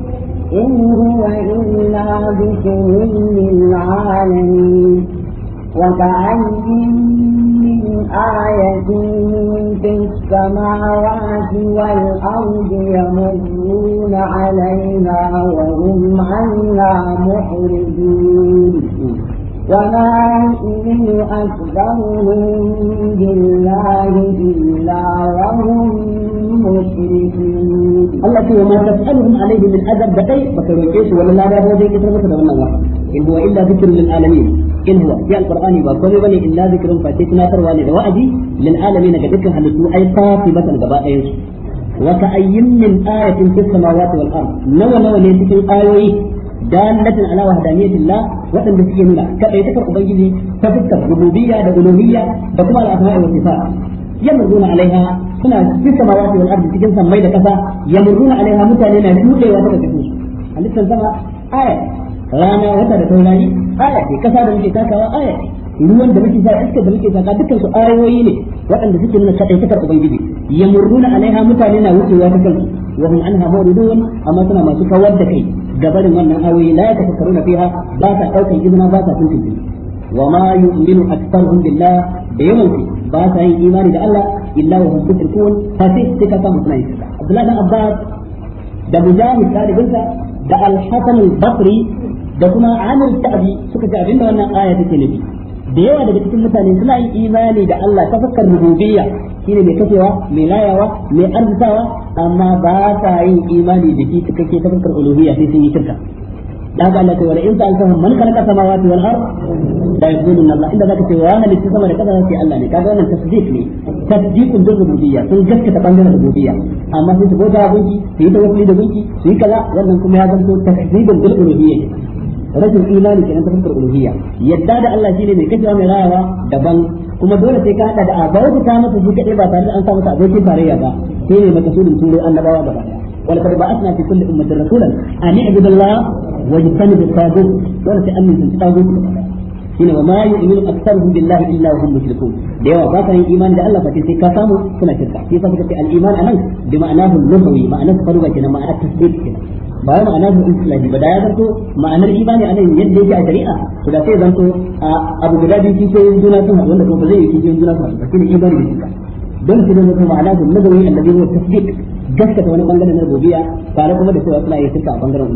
إن هو إلا ذكر للعالمين وكأي من آية في السماوات والأرض يمرون علينا وهم عنا محرجون وما يؤمن أكثرهم بالله إلا وهم مشركين الله كي وما تسألهم عليه من أجر بقي بكروكيش ولا لا بابا زي كتر مثلا من الله إن هو إلا ذكر للعالمين إن هو في القرآن وكل بني إلا ذكر فاتتنا تروالي وعدي للعالمين كذكر هلسوا أي قاطبة الجبائر وكأي من آية في السماوات والأرض نوى نوى ليتك الآيوي دالة على وحدانية الله وأن تسكننا كأيتك أبيجي تفكر ربوبية وألوهية بكما الأسماء والصفات يمرون عليها suna cikin samawati wal ardi cikin sammai da kasa yamurruna alaiha mutane na shudewa daga cikin su halittar sama aya rana wata da taurari aya ce kasa da muke takawa aya ruwan da muke sa iska da muke saka dukkan su ayoyi ne waɗanda suke nuna kadaitakar ubangiji yamurruna alaiha mutane na wucewa ta kansu wa hum anha muridun amma suna masu kawar da kai gabarin wannan ayoyi la yatafakkaruna fiha ba ta daukan izina ba ta tuntun. wa ma yu'minu aktsaruhum billah da yawanci ba sa yin imani da Allah illa wa hum mushrikun fa sai sai ka samu suna shirka Abdullahi bin Abbas da Mujahid talibinsa da Al-Hasan al-Basri da kuma Amir Ta'bi suka ce abinda wannan aya take nufi da yawa daga cikin mutane suna yin imani da Allah ta fuskar rububiyya shine mai kafewa mai layawa mai arzikawa amma ba ta yin imani da shi cikakke ta fuskar uluhiyya sai sun yi shirka dan Allah ta wala in ta alfahum man khalaqa samawati wal ard la yaqulun Allah inda zaka ce wa halitta sama da kasa sai Allah ne kaga wannan tasdiq ne tasdiqun da rububiyya sun gaskata bangaren rububiyya amma sai su bauta gunki su yi tawakkali da gunki su yi kaza wannan kuma ya zanto tasdiqun bil rububiyya rashin imani kenan ta fuskar uluhiyya yadda da Allah shine mai kashewa mai rayawa daban kuma dole sai ka hada da abauta ta masa su kadai ba tare da an sa masa abokin tarayya ba sai shine makasudin turo annabawa gaba daya ولقد بعثنا في كل أمة رسولا أن اعبدوا الله واجتنب الطاغوت ولا تأمن في الطاغوت shine wa ma yu'minu aktsaruhum billahi illa hum mushrikun da yawa ba ka yin iman da Allah sai ka samu suna shirka shi yasa suka al iman anan bi ma'anahu lughwi ma'anar faruwa ma'anar ba ma'anar ba da ya zanto ma'anar imani anan yadda yake a shari'a to da sai zanto abu guda biyu shi sai juna sun haɗu wanda kuma zai yi shi juna sun haɗu shine imani da shirka don shi ne mutum da nazarin annabi gaskata wani bangaren na rububiyya tare kuma da cewa suna yin shirka a bangaren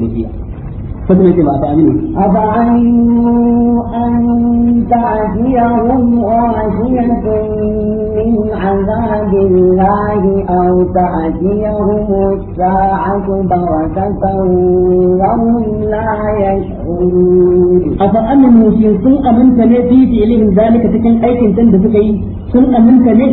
فكما يجب أفأمنوا أفأمنوا أن تأتيهم غاشية من عذاب الله أو تأتيهم الساعة بغتة وهم لا يشعرون أفأمنوا في سوء من تنادي في إليهم ذلك تكن أي كنتم بسكي سوء من تنادي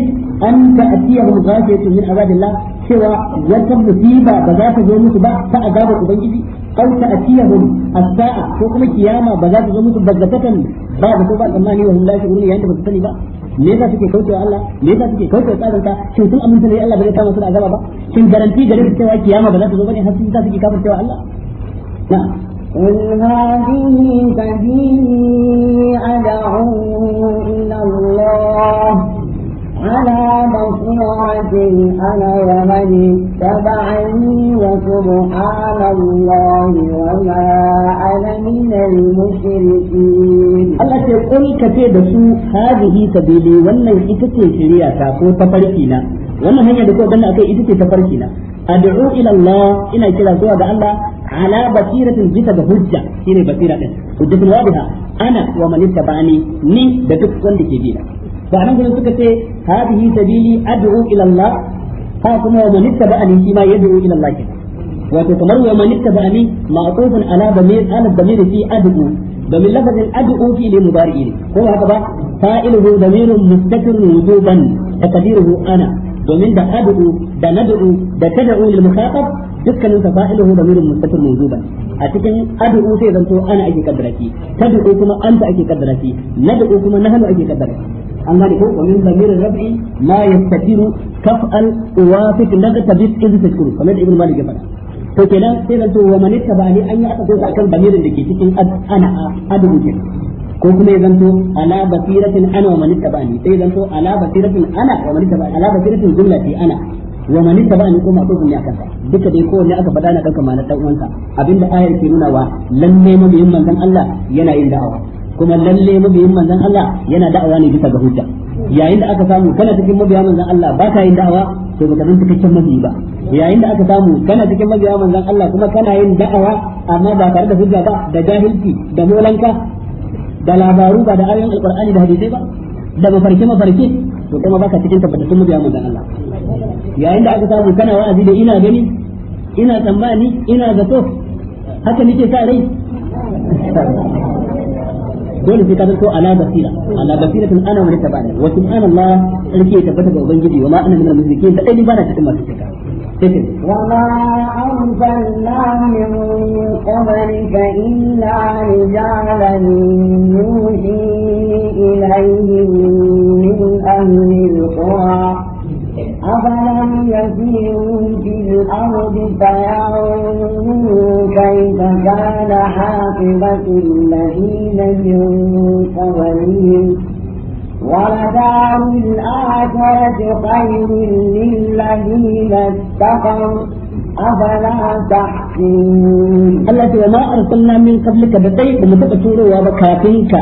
أن تأتيهم غاشية من عذاب الله cewa wata musiba ba za ta zo musu ba ta azabar ubangiji aw ta'tiyahum as-sa'a ko kuma kiyama ba za ta zo musu bazzakatan ba da ko ba tsammani wa hum la yashurun yayin da ba su sani ba me yasa suke kaucewa Allah me yasa suke kauce tsarin sa shin sun aminta ne Allah ba zai kama su da azaba ba shin garanti gare su cewa kiyama ba za ta zo bane har sun ta suke kafir cewa Allah na. قل هذه سبيلي أدعو إلى الله على بصيرة أنا ومن اتبعني وسبحان الله وما أنا من المشركين الله تقول كتير دسو هذه سبيلي وانا يتكي شريعة كو تفرقنا وانا هيا دكو قلنا أكي يتكي تفرقنا أدعو إلى الله إلى كلا زوا الله على بصيرة بسبب هجة هنا بصيرة هجة واضحة أنا ومن اتبعني ني بدك وندك بينا to anan gurin suka ce hadhihi sabili ad'u ila Allah ha kuma wa man ittaba'ani shi ma yad'u ila Allah kenan wato kamar wa man ittaba'ani ma'tufun ala damir ala damir fi ad'u domin lafazin ad'u fi li mubari'in ko haka ba fa'iluhu damirun mustatirun wujuban takdiruhu ana domin da ad'u da nad'u da tad'u lil mukhatab dukkanin sa fa'iluhu da mirin mustatir mawzuban a cikin ad'u sai zanto ana ake kaddara shi tad'u kuma anta ake kaddara shi nad'u kuma nahnu ake kaddara shi an gane ko wa min zamirin rab'i ma yastatiru kaf'al uwafiq naqtabis iz tashkuru kamar ibn malik ya faɗa to kenan sai zanto wa man ittaba'ani an yi aka gosa kan damirin da ke cikin ana ad'u ko kuma ya zanto ala basiratin ana wa man ittaba'ani sai zanto ala basiratin ana wa man ittaba'ani ala basiratin jumlati ana wa man ittaba an kuma to ya akan duka dai kowanne aka faɗa na kanka mana dan uwansa abinda ayar ke nuna wa lalle mabiyin manzon Allah yana yin da'awa kuma lalle mabiyin manzon Allah yana da'awa ne bisa ga hujja yayin da aka samu kana cikin mabiya manzon Allah ba ka yin da'awa to baka zan cikakken mabiyi ba yayin da aka samu kana cikin mabiya manzon Allah kuma kana yin da'awa amma ba tare da hujja ba da jahilci da molanka da labaru ba da ayoyin alqur'ani da hadisai ba da mafarki mafarki to kuma baka cikin tabbatattun mu manzon Allah yayin da aka samu kana wa'azi da ina gani ina tambani ina zato haka nake sa rai dole sai ka zanto ala basira ala basira tun ana wani tabani wa subhanallah sarki ya tabbata ga ubangiji wa ma ana min al da dai bana cikin masu tsaka wa ma anzalna min qablika illa rijalan nuhi أهل القرى أفلم يسيروا في الأرض فينظروا كيف كان عاقبة الذين من قبلهم ولدار الآخرة خير للذين اتقوا أفلا تحسنون التي وما أرسلنا من قبلك بطيء ومتقى تورو وبكافيك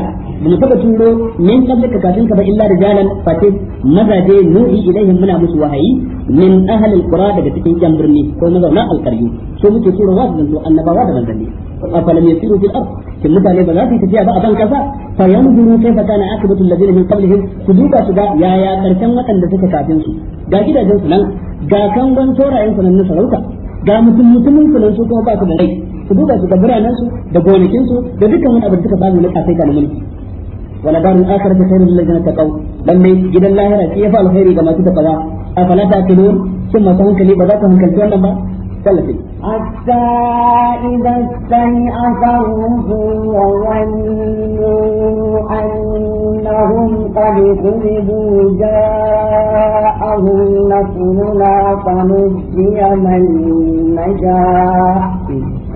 mun taba turo min kablaka kafin ka ba illa jalan Fati mazaje nuhi ilaihim muna musu wahayi min ahli alqura daga cikin yan birni ko mazauna alqaryu so muke tura wa da annabawa da manzanni afalam yasiru fil ard kin mutane ba za su tafiya ba a ban kasa fa yanzuru kaifa kana akibatu alladhina min qablihim su duba su ga yaya karshen waɗanda suka kafin su ga gidajen su nan ga kangon torayen su nan na sarauta ga mutum mutumin su nan su kuma ba su da rai su duba su ga biranen su da gonakin su da dukkan wani abin da suka samu na kafai ga mun. ولدار الآخرة خير للذين اتقوا لما جد الله رأي كيف الخير كما تتقوا أفلا تأكلون ثم تهون كلي بذاك هنك لما ثلاثة حتى إذا استيأس الرسل وظنوا أنهم قد كذبوا جاءهم نصرنا فنجزي من نجاح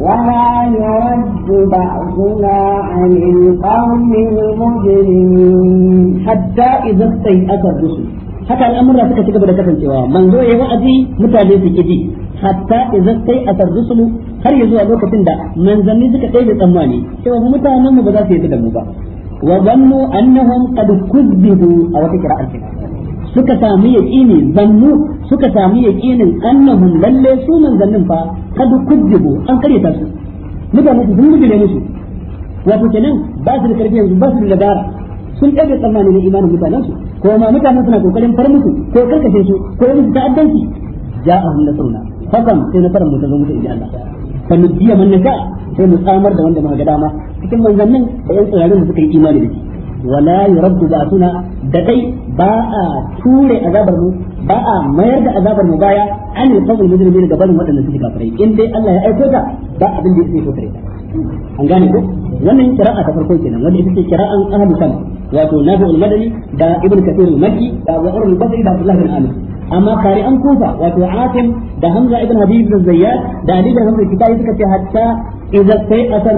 ولا يرد بعضنا عن القوم المجرمين حتى إذا استيأس الرسل haka al'amura suka ci gaba da kasancewa manzo yayi wa'azi mutane su ji hatta idza sai atar rusulu har ya zuwa lokacin da manzanni suka kai tsammani cewa mutanen mu ba za su yi da mu ba wa a suka sami yaqini zannu suka sami yaqinin annahum lalle su manzannin fa qad kuzzibu an karyata su mutane su sun mutune musu wato kenan ba su da karfi yanzu ba su da dabara sun ɗaga tsammani na imanin mutanensu ko ma mutanen suna kokarin far musu ko karkashe su ko yi musu ta'addanci ja'ahum nasruna fakan sai na mu ta zo musu inji Allah fa nujiya man nasha sai mu tsamar da wanda muka ga dama cikin manzannin da yan tsirarin da suka yi imani da shi wala yuraddu ba'suna da dai ba ture azabar mu ba mayar da azabar mu baya an yi fadl mujrimin ga barin waɗanda suke kafirai in Allah ya aiko ta ba abin da yake so kare an gane ko wannan kira'a ta farko kenan wanda ita ce kira'an ahlu sama wato nabi al da ibn kathir al-makki da wa'ur al da abdullah bin amir amma kare an kufa wato asim da hamza ibn habib bin da ali da hamza kitai suka ce hatta idza sai asar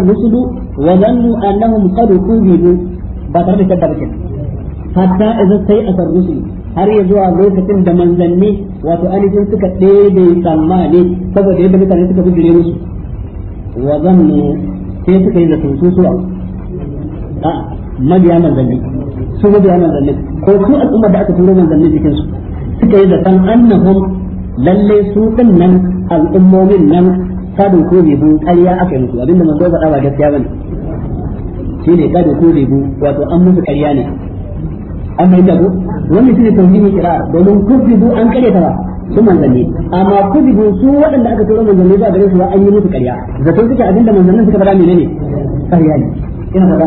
ba tare da shakka ba hatta idan sai a rusul har ya zuwa lokacin da manzanni wato alifin suka tsammani saboda yadda mutane suka bijire musu wa zannu sai suka yi zaton su suwa a mabiya manzanni su mabiya manzanni ko su al'umma da aka turo manzanni cikin su suka yi zaton annahum lalle su din nan al'ummomin nan sabon ko ne bun ƙarya aka yi musu abinda manzo gaskiya bane shine gado ko lebo wato an musu ƙarya ne an bai dago wannan shine tauhidin kira domin kuzibu an kare ta ba su manzanni amma kuzibu su waɗanda aka tura manzanni zuwa gare su an yi musu ƙarya zato suke abinda manzannin suka faɗa menene ƙarya ne ina faɗa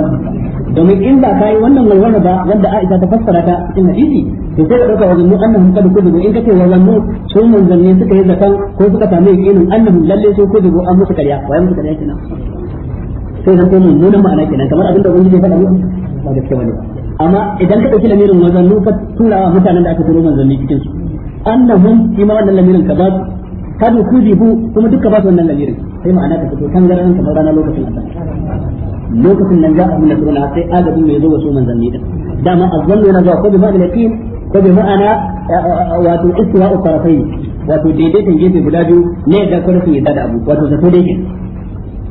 domin in ba kai wannan walwala ba wanda Aisha ta fassara ta cikin hadisi to sai ka dauka wa zannu annahum kad kudubu in kace wajen mu sun manzanni suka yi zakan ko suka sami yakinin annahum lalle sun kudubu an musu karya wa musu karya kenan sai zan kuma mummunan ma'ana kenan kamar abin da ubangiji ya faɗa musu ba gaskiya bane amma idan ka dauki lamirin manzanni ka turawa mutanen da aka turo manzanni cikin su annahum kima wannan lamirin ka ba su ku kudibu kuma duka ba su wannan lamirin sai ma'ana ka fito tangaran kamar rana lokacin Allah lokacin nan za a nuna suna sai agabin mai zo wa su manzanni din dama a zan yana zuwa ko bi ma'ana yaqin ko bi ma'ana wato istiwa'u tarafai wato daidaitan gefe guda biyu ne da kuma su yadda da abu wato zato daidai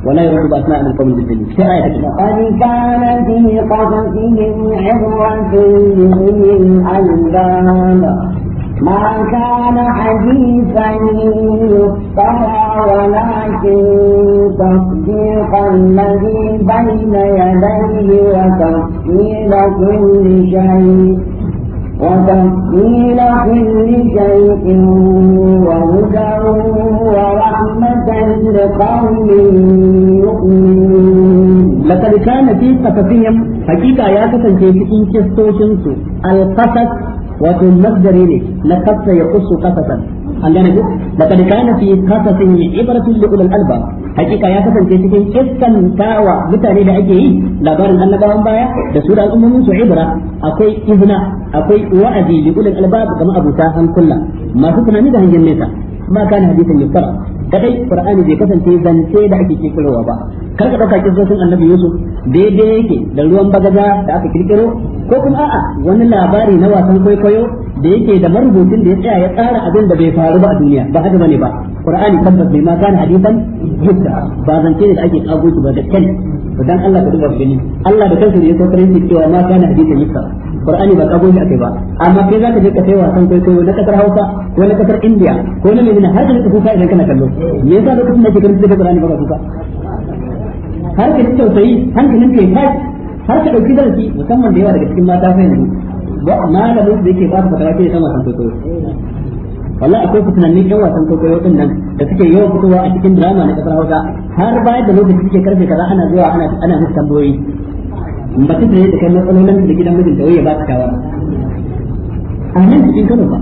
ولا يرد أسماء من قوم بالدليل في آية قد كان في قصصهم عبرة للألباب ما كان حديثا يفترى ولكن تصديق الذي بين يديه وتفصيل كل شيء وتفصيل كل شيء وهدى ورحمة تجد قوم يؤمنون لقد كان في قصصهم حقيقة يا كسن wato masdari na kasa ya kusu kasasan an gane ku laqad kana fi qasasin ibratun li ulul ya kasance cikin kissan tawa mutane da ake yi labarin annabawan baya da su da al'ummomin su ibra akwai izna akwai wa'azi li ulul albab kamar abuta an masu tunani da hangen nesa ma kana hadisin yusra kadai qur'ani bai kasance zance da ake kirkirowa ba kar ka dauka kisosin annabi yusuf daidai yake da ruwan bagaza da aka kirkiro ko kuma a'a wani labari na wasan kwaikwayo da yake da marubucin da ya tsaya ya tsara abin da bai faru ba a duniya ba haka bane ba qur'ani tabbas bai ma kana hadisan yadda ba zance ne da ake kago ba da kan dan Allah ka duba gani Allah da kansa ne ya so karin cewa ma kana hadisan yadda qur'ani ba kabo shi akai ba amma kai zaka je ka kai wasan kai kai na kasar Hausa ko na kasar India ko na Medina har da kuka idan kana kallo me yasa lokacin da kake karanta qur'ani ba ka kuka har ka tausayi hankalin kai kai har ka dauki darasi musamman da yawa daga cikin mata sai yanzu ba malamin da yake ba ka fara kai sama san kai wallahi akwai fitinannin yan wasan kai din nan da suke yawa fitowa a cikin drama na kasar Hausa har bayan da lokaci kike karfe kaza ana zuwa ana ana musu mace ta yi ta kai matsalolin da gidan mijinta wai ya ba ta shawara a nan cikin kano ba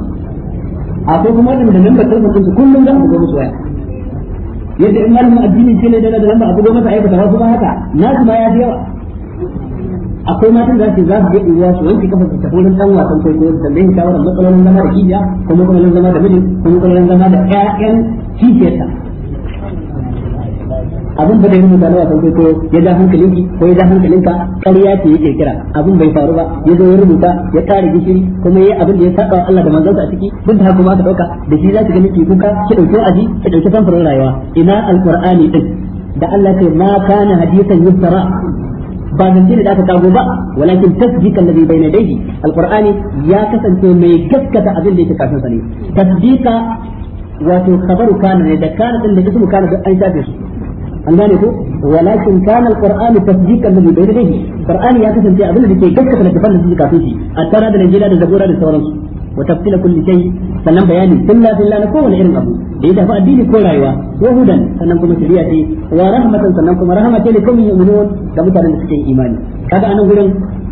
akwai kuma waɗanda nan ba ta mutum kullum za a buga musu waya yadda in malamin addinin ce ne da lamba a buga masa aikata wasu ba haka na su kuma ya fi yawa akwai matan za su za su je uwa su wanke kafa su tafi wurin dan wasan kai ko da bai shawaran matsalolin zama da kibiya ko matsalolin zama da mijin ko matsalolin zama da ƴaƴan kishiyarta abin da zai da nawa wasan kwaikwayo ya ja hankalin ki ko ya hankalin ka ƙarya ce yake kira abin bai faru ba ya zo ya rubuta ya kare gishiri kuma yayi abin da ya saba Allah da sa a ciki duk da haka ma dauka da shi za ki ga miki kuka ki dauke aji ki dauke samfurin rayuwa ina alqur'ani din da Allah ce ma kana hadisan yusra ba zance ne da aka kago ba walakin tasdiqan ladhi bayna yadayhi alqur'ani ya kasance mai gaskata abin da yake kafin sa ne tasdiqa wato khabaru kana ne da kana din da ismu kana an shafe su an gane ko walakin kana alquran tasdiqan bil bayni qur'an ya kasance abin da ke gaskata da tafsirin da kafin shi a tara da najira da zabura da sauransu wa tafsil kulli shay sannan bayani billa billa na kowane irin abu da ya tafi addini ko rayuwa ko hudan sannan kuma shari'a ce wa rahmatan sannan kuma rahama ce ne kawai yu'minun da mutanen da suke imani kaga anan gurin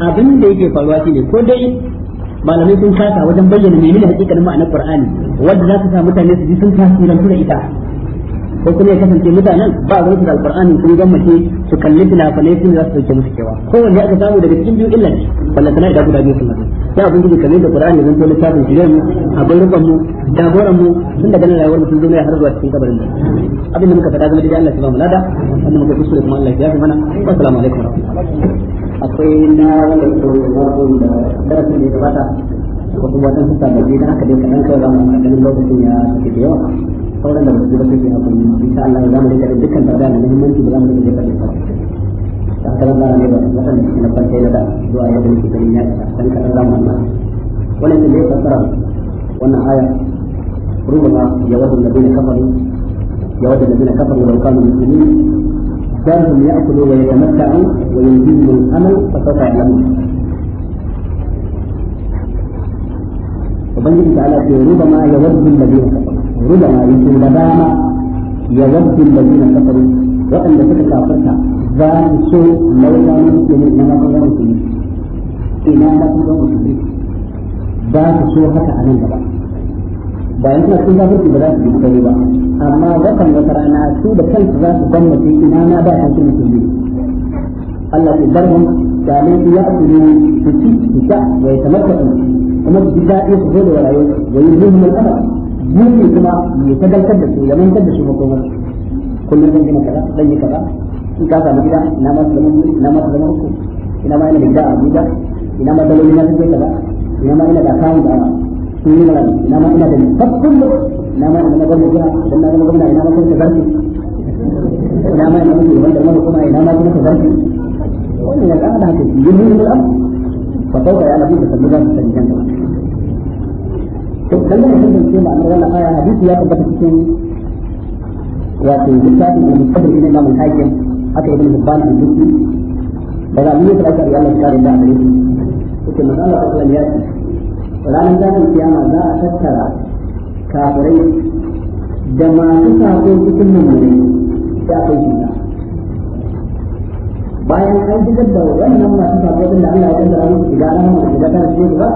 abin da yake faruwa ne ko dai malamai sun kasa wajen bayyana menene hakikanin ma'anar Qur'ani wanda za su sa mutane su ji sun tasirantu da ita ko kuma ya kasance mutanen ba ruwan su da alqur'ani sun gammace su kalli fina-finai sun za su dauke musu cewa kowanne aka samu daga cikin biyu illa ne wannan sana da guda biyu sun mutu ya abin da kalli da qur'ani zan to littafin shirin mu abin rubban mu jagoran mu tun daga nan rayuwar mutum duniya har zuwa cikin kabarin mu abin da muka faɗa game da Allah ya ba mu lada wannan muka kuskure kuma Allah ya fi mana assalamu alaikum akwai na wanda ke da darasin da ya gabata ko kuma suka da haka dai kaɗan kai ba mu ganin lokacin ya da yawa أولا لما تجيبك في أقل إن شاء الله يزامل إذا ذكا بردان أنه من في بلامل إذا ذكا لك فأحسن الله عليه في كلمات فأحسنك الله عنه ولن تجيب أسرا وأن آية روما الذين كفروا يود الذين كفروا لو كانوا مسلمين كانهم يأكلوا ويتمتعوا وينجزوا الأمل فسوف يعلمون وبنجي تعالى ربما يود الذين كفروا ربما da لداما يود dama كفروا وأن لك كافرك ذات سوء لو لا يمكن إنما قدروا فيه إنما قدروا فيه ذات سوء هكا عن الجبل ba yanzu na sun zafi ba za su yi kai ba amma wakan wata rana su da kansu za su gwamnati ina na da kan kin su Allah ya barhum da ne ya kulu su ci su sha wa ya tamakka kuma su ji daɗi su zo da rayuwa wa yi zuwa al'amari mulki kuma mai tagaltar da su ya mantar da su makomar kullum zan gina kaza zan yi kaza in ka samu gida ina ma zama ina ma zama uku ina ma ina da a Abuja ina ma daloli na take kaza ina ma ina da kawo da su yi mara ina ma ina da fat ina ma ina da gwamnati dan na gwamnati ina ma kuma zarfi ina ma ina mutu wanda kuma ina ma kuma zarfi wannan ya ga da yin mun da fa sauka ya labu da sabulan to kallon ya kasance ma'anar wannan aya hadisi ya tabbata cikin wato littafin da mutabir ne na mulhakim aka ibn hibban da duki daga abin da aka yi Allah kare da gare shi yake manzo Allah ya ce ranar zafin kiyama za a tattara kafirai da masu sako cikin mummunai da aka yi bayan an shigar da wannan masu sako da Allah ya kaddara musu shiga nan da shiga ta shiga ba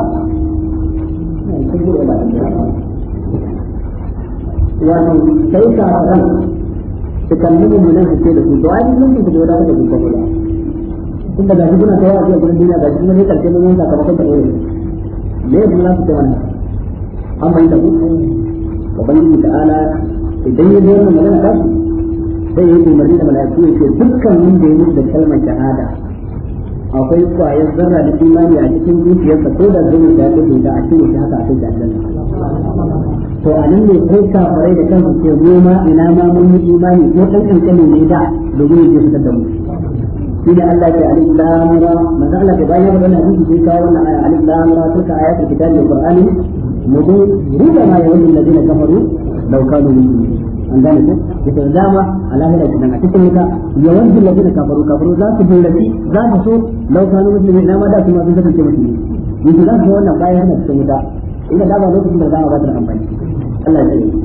wato sai kafaran su kalli mummunan su ce da su to ai mun su da wadata da su da gaji kuna tawa a gurin duniya gaji kuma sai mun yanka kamar kanta ne. me yanzu za su ce wannan an bai da ku ubangiji ta'ala idan ya zo wannan magana ta sai yi umarni da mala'iku ya ce dukkan wanda ya mutu da kalmar shahada akwai kwayar zarra da imani a cikin zuciyarsa ko da zuwa da ya da a cikin haka a cikin aljanna to a nan ne kai kafirai da kan ke noma ina ma mun yi imani ko dan kankanin ne da domin ya fitar da mu shi da Allah ke alif lam ra manzo Allah ke bayyana wannan hadisi sai kawo wannan aya alif lam ra tilka ayatul kitabil qur'ani mudu ruba ma yawmin ladina kafaru law kanu mu'minin an gane ko ita da dama a lahira idan a cikin wuta yawancin lafiya kafaru kafaru za su za su so musulmi da su ma za su wannan bayan cikin wuta ina da ba lokacin da dama ba su da amfani Allah ya wannan kuma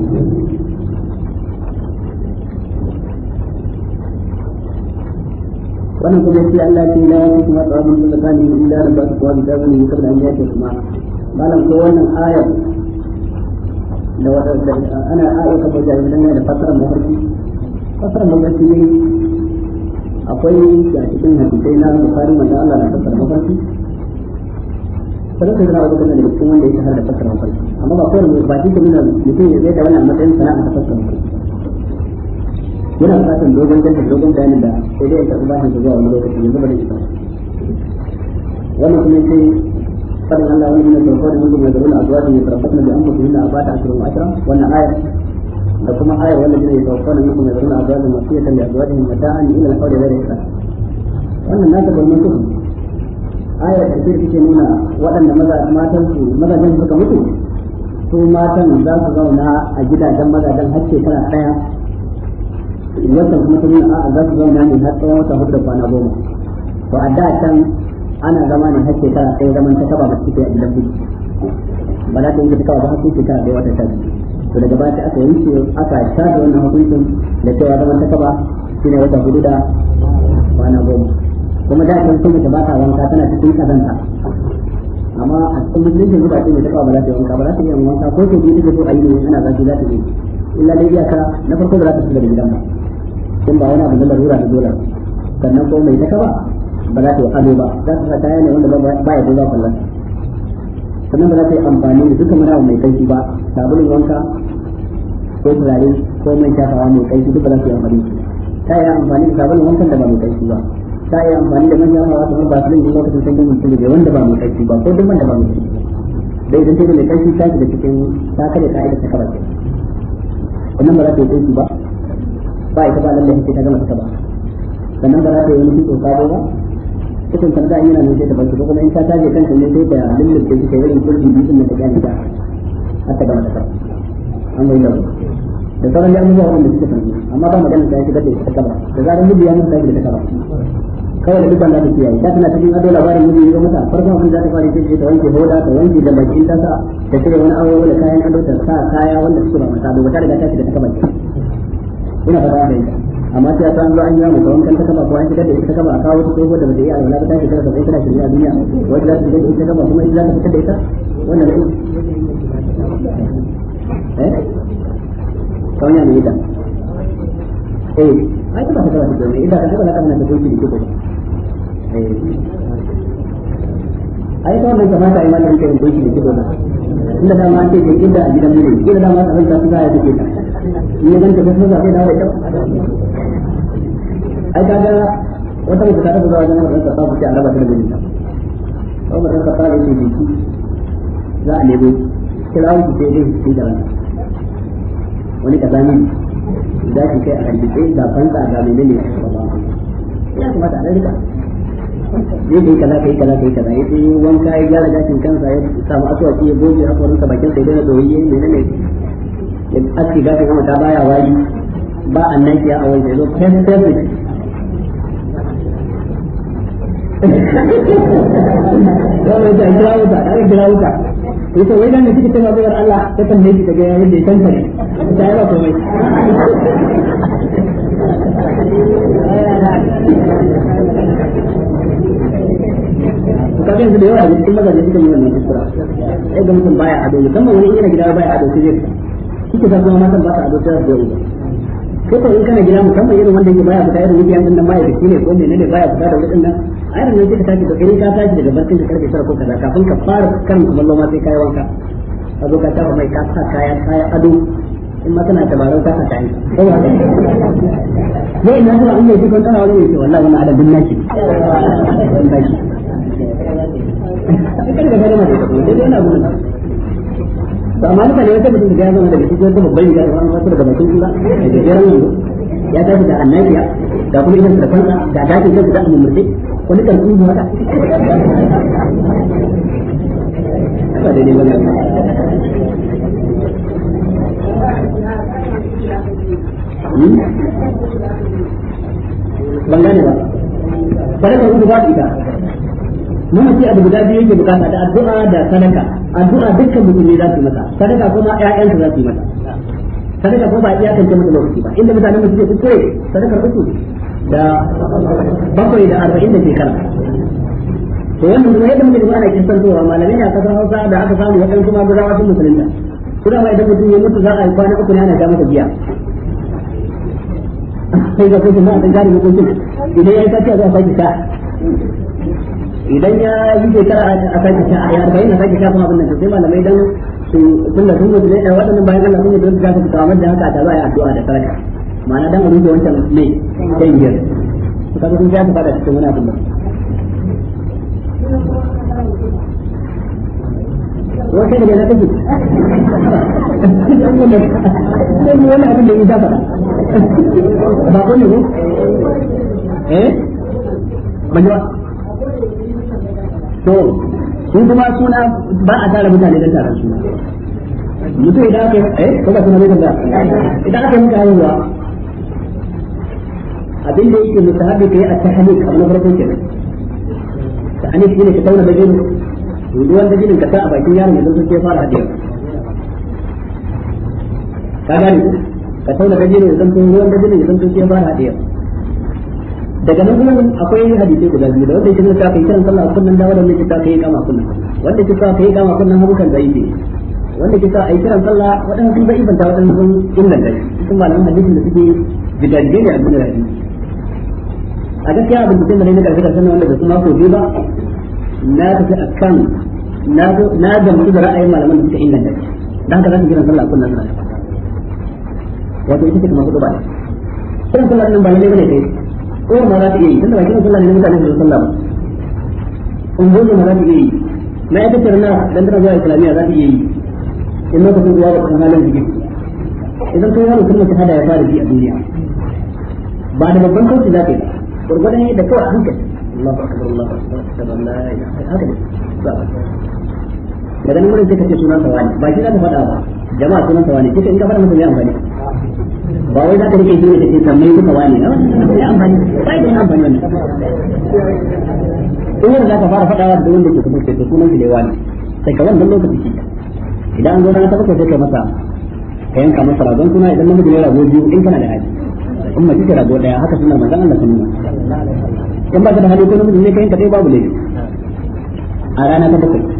sai Allah ya ce an kuma malam ko wannan ayar da wata ana aika da jami'an da fasaran mafarki fasaran mafarki ne akwai a cikin hadisai na bukari manzo Allah na fasaran mafarki sanar da zama wajen da cikin wanda ya shahara da mafarki amma ba kowane mai ba cikin nuna mutum ya zai da wannan matsayin sana'a ta fasaran mafarki yana bukatar dogon ganta dogon gani da sai dai ya karɓi bashin zuwa wani lokaci yanzu ba da shi ba wannan kuma sai فمن الله ومن من الزوجات منكم يدعون ازواجهم يتربصن بانفسهن اربعه اشهر وعشرا وان ايه لكم آية والذين يتوفون منكم يدعون أزواجا وصية لأزواجهم متاعا إلى القول غير إخلاص وأن الناس والمنكم آية كثير في نونا وأن ماذا ما تنسوا ماذا جنسوا كمتوا su matan za su zauna a gidajen mazajen har shekara ɗaya wannan kuma ta nuna a za su zauna ne har tsawon wata hudu da kwana goma to a da can ana zama ne har shekara ɗaya zaman ta kaba ba su a gidan biki ba za ta yi ta ba har sai shekara ɗaya wata tabi to daga baya aka yi ce aka shafe wannan hukuncin da cewa zaman ta kaba ne wata hudu da kwana goma kuma da kan sun ta ba ta wanka tana cikin kazanta amma a cikin musulunci ba ta ta kaba ba za ta yi wanka ba za ta yi wanka ko ta biyu take so a yi ne ana zafi za ta yi illa dai iyaka na farko da za ta shiga da gidan ba in ba wani abu na larura da dole sannan ko mai ta kaba ba za ta yi ado ba za ta sata kaya ne wanda ba ya ba kwallon sannan ba za ta yi amfani da duka mara mai kaifi ba sabulun wanka ko turare ko mai shafawa mai kaifi duk ba za ta yi amfani ta yi amfani da sabulun wankan da ba mai kaifi ba ta yi amfani da manyan hawa kamar ba su ne lokacin sanyin mutum da wanda ba mai kaifi ba ko duk wanda ba mai kaifi da idan sai da mai kaifi ta da cikin ta kare ka'idar ta karar sannan ba za ta yi kaifi ba ba ita ba lallai ta gama ta ba sannan ba za ta yi wani kitso ba kusan tarda yana nan sai ta banki kuma in ta taje kanta ne sai ta lullube shi kai wurin kurji biyu din da ta gani ta haka da mata an yi lafiya da sauran da abubuwa wanda suke sanu amma ba magana ta yake da ta kaba da zaran miji ya mutu ta da ta kaba kawai da dukkan da ta kiyaye ta tana cikin ado labarin mu ya mata farko abin da ta fara sai ta wanke hoda ta wanke da bakin ta sa ta cire wani awo da kayan ado ta sa kaya wanda suke ba mata ba ta riga ta shiga ta kaba ina fara da ita amma sai san zo an yi mu kawai kan ta kaba ko an shigar da ita kaba a kawo ta ko da bai yi alwala ta shekara da ita da shirya a duniya wanda za ta da ita kuma ita za da ita wannan ne eh kawai ne ita eh ai ta ba ta kaba ta ita ta kaba ta mana ta tsoho eh ai ta mai kamata ai ta yi tsoho ki ko inda dama an ke inda a gidan mu ne inda da abin ta su ya take ta in ya ganta kuma zai da ai kaga wata mutum ta tafi zuwa wannan ku da ko mutum jiki za a nemo kirawo ki sai dai da wani za ki kai a hargitse da fanta ne ne ya kamata a rarrika zai kai kaza kai kaza kai kaza wanka ya gyara gashin kansa ya samu aswaki ya goge bakin sai dai na ne ne aski gashin amata baya ba ya a zo da kira wuta, kira wuta. wai nan da tana Allah ta kalle yayin da ya kanta Ta ba komai. kaga yanzu da yawa cikin suka yi wannan kuskura sai ga mutum baya ado musamman wani gida baya ado zai kike ta kuma matan ba ta abota da yau na ko in kana gida musamman irin wanda yake baya fita irin wajen din nan baya fiti ne ko baya fita da wajen nan a irin ne kika tashi da kai ka tashi daga barcin ka karfe 9 ko kaza kafin ka fara kan sai kai wanka ka zo ka tafa mai ka sa kaya kaya ado in ma kana ka sa kaya ne ne ina zuwa in ne wani ne naki ka ga da mutum dai to amma mutane wata mutum da ya zama daga cikin wata babban riga da wasu daga bakin kula da jeran yanzu ya tashi da annabiya da kuma irin da fanka da dakin da amurce wani kan kun wata ba da ne ba hmm? ban gane ba sadaka rubu ba ita mun ce abu guda biyu yake bukata da addu'a da sadaka addu'a dukkan musulmi za su yi mata sadaka kuma ƴaƴanka za su yi mata sadaka kuma ba iya kan mata lokaci ba inda mutanen mu suke kuskure sadakar uku da bakwai da arba'in da shekara to wannan kuma yadda muke ana kisan zuwa malamai da kasar Hausa da aka samu waɗansu ma gudawa sun musulunta kuma ma idan mutum ya mutu za a yi kwana uku ne ana ga masa biya sai ga kuma a dan gari mutum idan ya yi kaciya za a sake sa idan ya yi shekara a sake sha a arba'in a sake sha kuma abin nan sai malamai dan su tunda sun gudu ne waɗannan bayan Allah sun yi dole su kawo da haka a taba addu'a da sarka ma'ana dan rufe wancan ne sai biyar su kaga sun shafa fara cikin wani abin wata da na sai wani da ya ba ko ne ko eh ba to su kuma suna ba a tara mutane don taron suna mutum idan aka yi eh suna idan aka yi muka haihuwa abin da yake mutahabbi a na kenan tauna da ka sa a bakin yaron yanzu sun fara ka ka tauna bajin da daga nan kuma akwai hadisi guda biyu da wanda ya kasance kai kiran sallah kunnan da wanda yake ta kai kama kunnan wanda yake ta kai kama kunnan harukan da yake wanda kisa ta ai kiran sallah wadanda sun bai ibanta wadanda sun inda kai cikin malamin hadisin da suke gidaje ne a cikin hadisi a gaskiya abin da zai ne karfi da sanin wanda su ma ko ba na tafi akan na na da mutu da ra'ayin malaman da suke inganta dan haka su kiran sallah kunnan da wato ita ce kuma hudu ba kiran sallah nan ba ne ne kai uwar ma za ta iya yi tunda bakin sallah ne mutane su sallah ba ungozo ma za ta iya yi na ita tarna dan tana zuwa islamiyya za ta iya yi in lokacin uwa ba kan halin jiki idan kai wani kuma shahada ya fara bi a duniya ba da babban kauci za ka yi gurgurdan yadda kawai a hankali haka ne daga nan wurin sai ka ce sunan sa wani ba shi za ka faɗa ba jama'a sunan sa wani kika in ka faɗa masa mai amfani ba wai za ka rike shi ne ka ke sammai duka wani na wani amfani ba yi da amfani wannan in yadda za ka fara faɗawa da wanda ke kuma ce sunan su ne wani sai ka wannan lokaci shi idan an zo na ta sai ka masa ka yanka masa ragon suna idan namiji ne rago biyu in kana da hali in mace ce rago daya haka sunan manzon Allah sun in ba ka da hali ko namiji ne ka yanka dai babu laifi a rana ta bakwai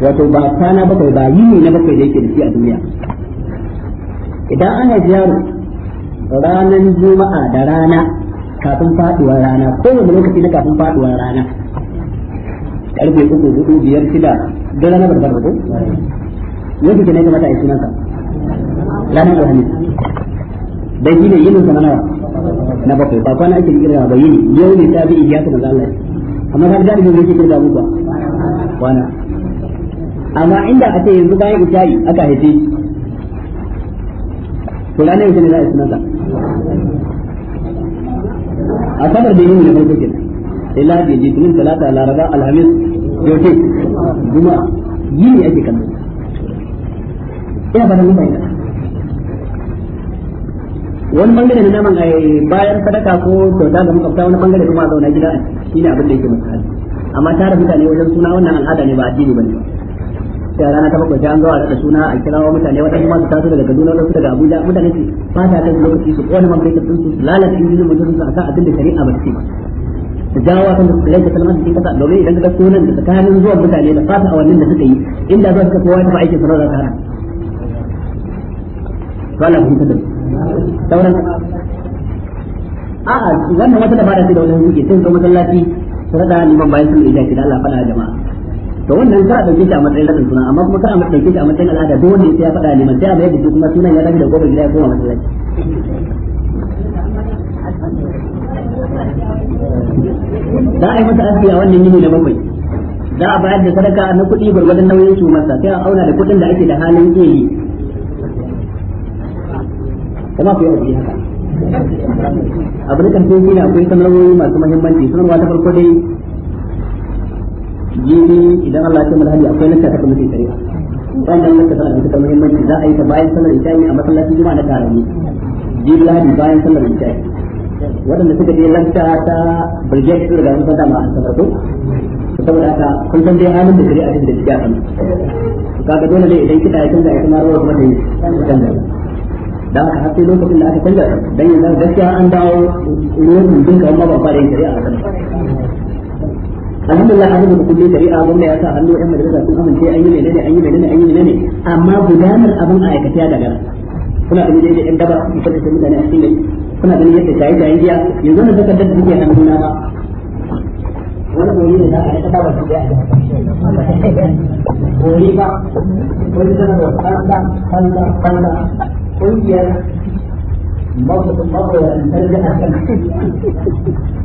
wato ba kwana bakwai ba yini na bakwai da yake da shi a duniya idan ana yaro ranar juma'a da rana kafin faduwar rana ko wani lokaci na kafin faduwar rana karfe uku hudu biyar shida da rana barbar ko yadda ke na gaba ta yi sunansa ranar alhamis bai shi ne yinin sama nawa na bakwai ba kwana ake kira ba yini yau ne ta bi iyaka manzo Allah amma ka ga da yake kira mu ba kwana amma inda a ce yanzu bayan isha'i aka haife shi to na yanzu ne za a yi a sabar da yin ne farko kenan ila da tunin talata laraba alhamis yauke juma yi ne ake kanta ina ba na mun bayyana wani bangare na naman eh, bayan sadaka ko kyauta ga makwabta wani bangare kuma a zauna gida shi ne abin da yake masu hali amma tara mutane wajen suna wannan al'ada ne ba addini ba ne ba sai rana ta bakwai an zo a rada suna a kirawo mutane wata kuma su taso daga Kaduna wasu daga Abuja mutane su ba ta kai lokaci su kona man baita sun su lalace mutum su aka abin da shari'a ba ce ba ta kan su rage kalmar cikin kasa domin idan ka sunan da tsakanin zuwan mutane da fata wannan da suka yi inda zuwa suka kowa ta aikin sanar da ta wala sauran a'a wannan wata dabara da zo masallaci su liman bayan sun da da Allah fada jama'a to wannan a dauke shi a matsayin rabin suna amma kuma ka a dauke shi a matsayin al'ada duk wanda ya faɗa liman sai a mayar da kuma sunan ya tafi da gobe gida ya koma masallaci za a yi masa asiya wannan yini na bakwai za a bayar da sadaka na kuɗi gwargwadon nauyin su masa sai a auna da kuɗin da ake da halin iya yi kuma ku yi haka abu da kan sai akwai sanarwoyi masu muhimmanci sanarwa ta farko dai gini idan Allah ya kamar hali akwai lakka ta kwamitin shari'a wannan lakka tana da muhimmanci za a yi ta bayan sallar isha'i a masallacin juma'a na tarayya gini lahadi bayan sallar isha'i waɗanda suka je lanta ta birgiyar su daga ma a samarko saboda haka kun san dai halin da shari'a da shi a kanu kaga dole ne idan ya canza ya kuma rawar kuma ta yi canza da aka lokacin da aka canza dan yanzu gaskiya an dawo ruwan dukkan ma ba fara alhamdulillah an rubuta kullum shari'a gwamna ya sa hannu yan majalisa sun amince an yi menene an yi menene an yi menene amma gudanar abin a aikata ya gagara kuna ganin yadda yan daba su fada da mutane a cikin kuna ganin yadda shaye shayen giya yanzu na saka da suke nan gona ba wani goyi da za a rika dawa su da goyi ba wani sanarwa kanda kanda kanda kungiyar mafi mafi da tarjama kan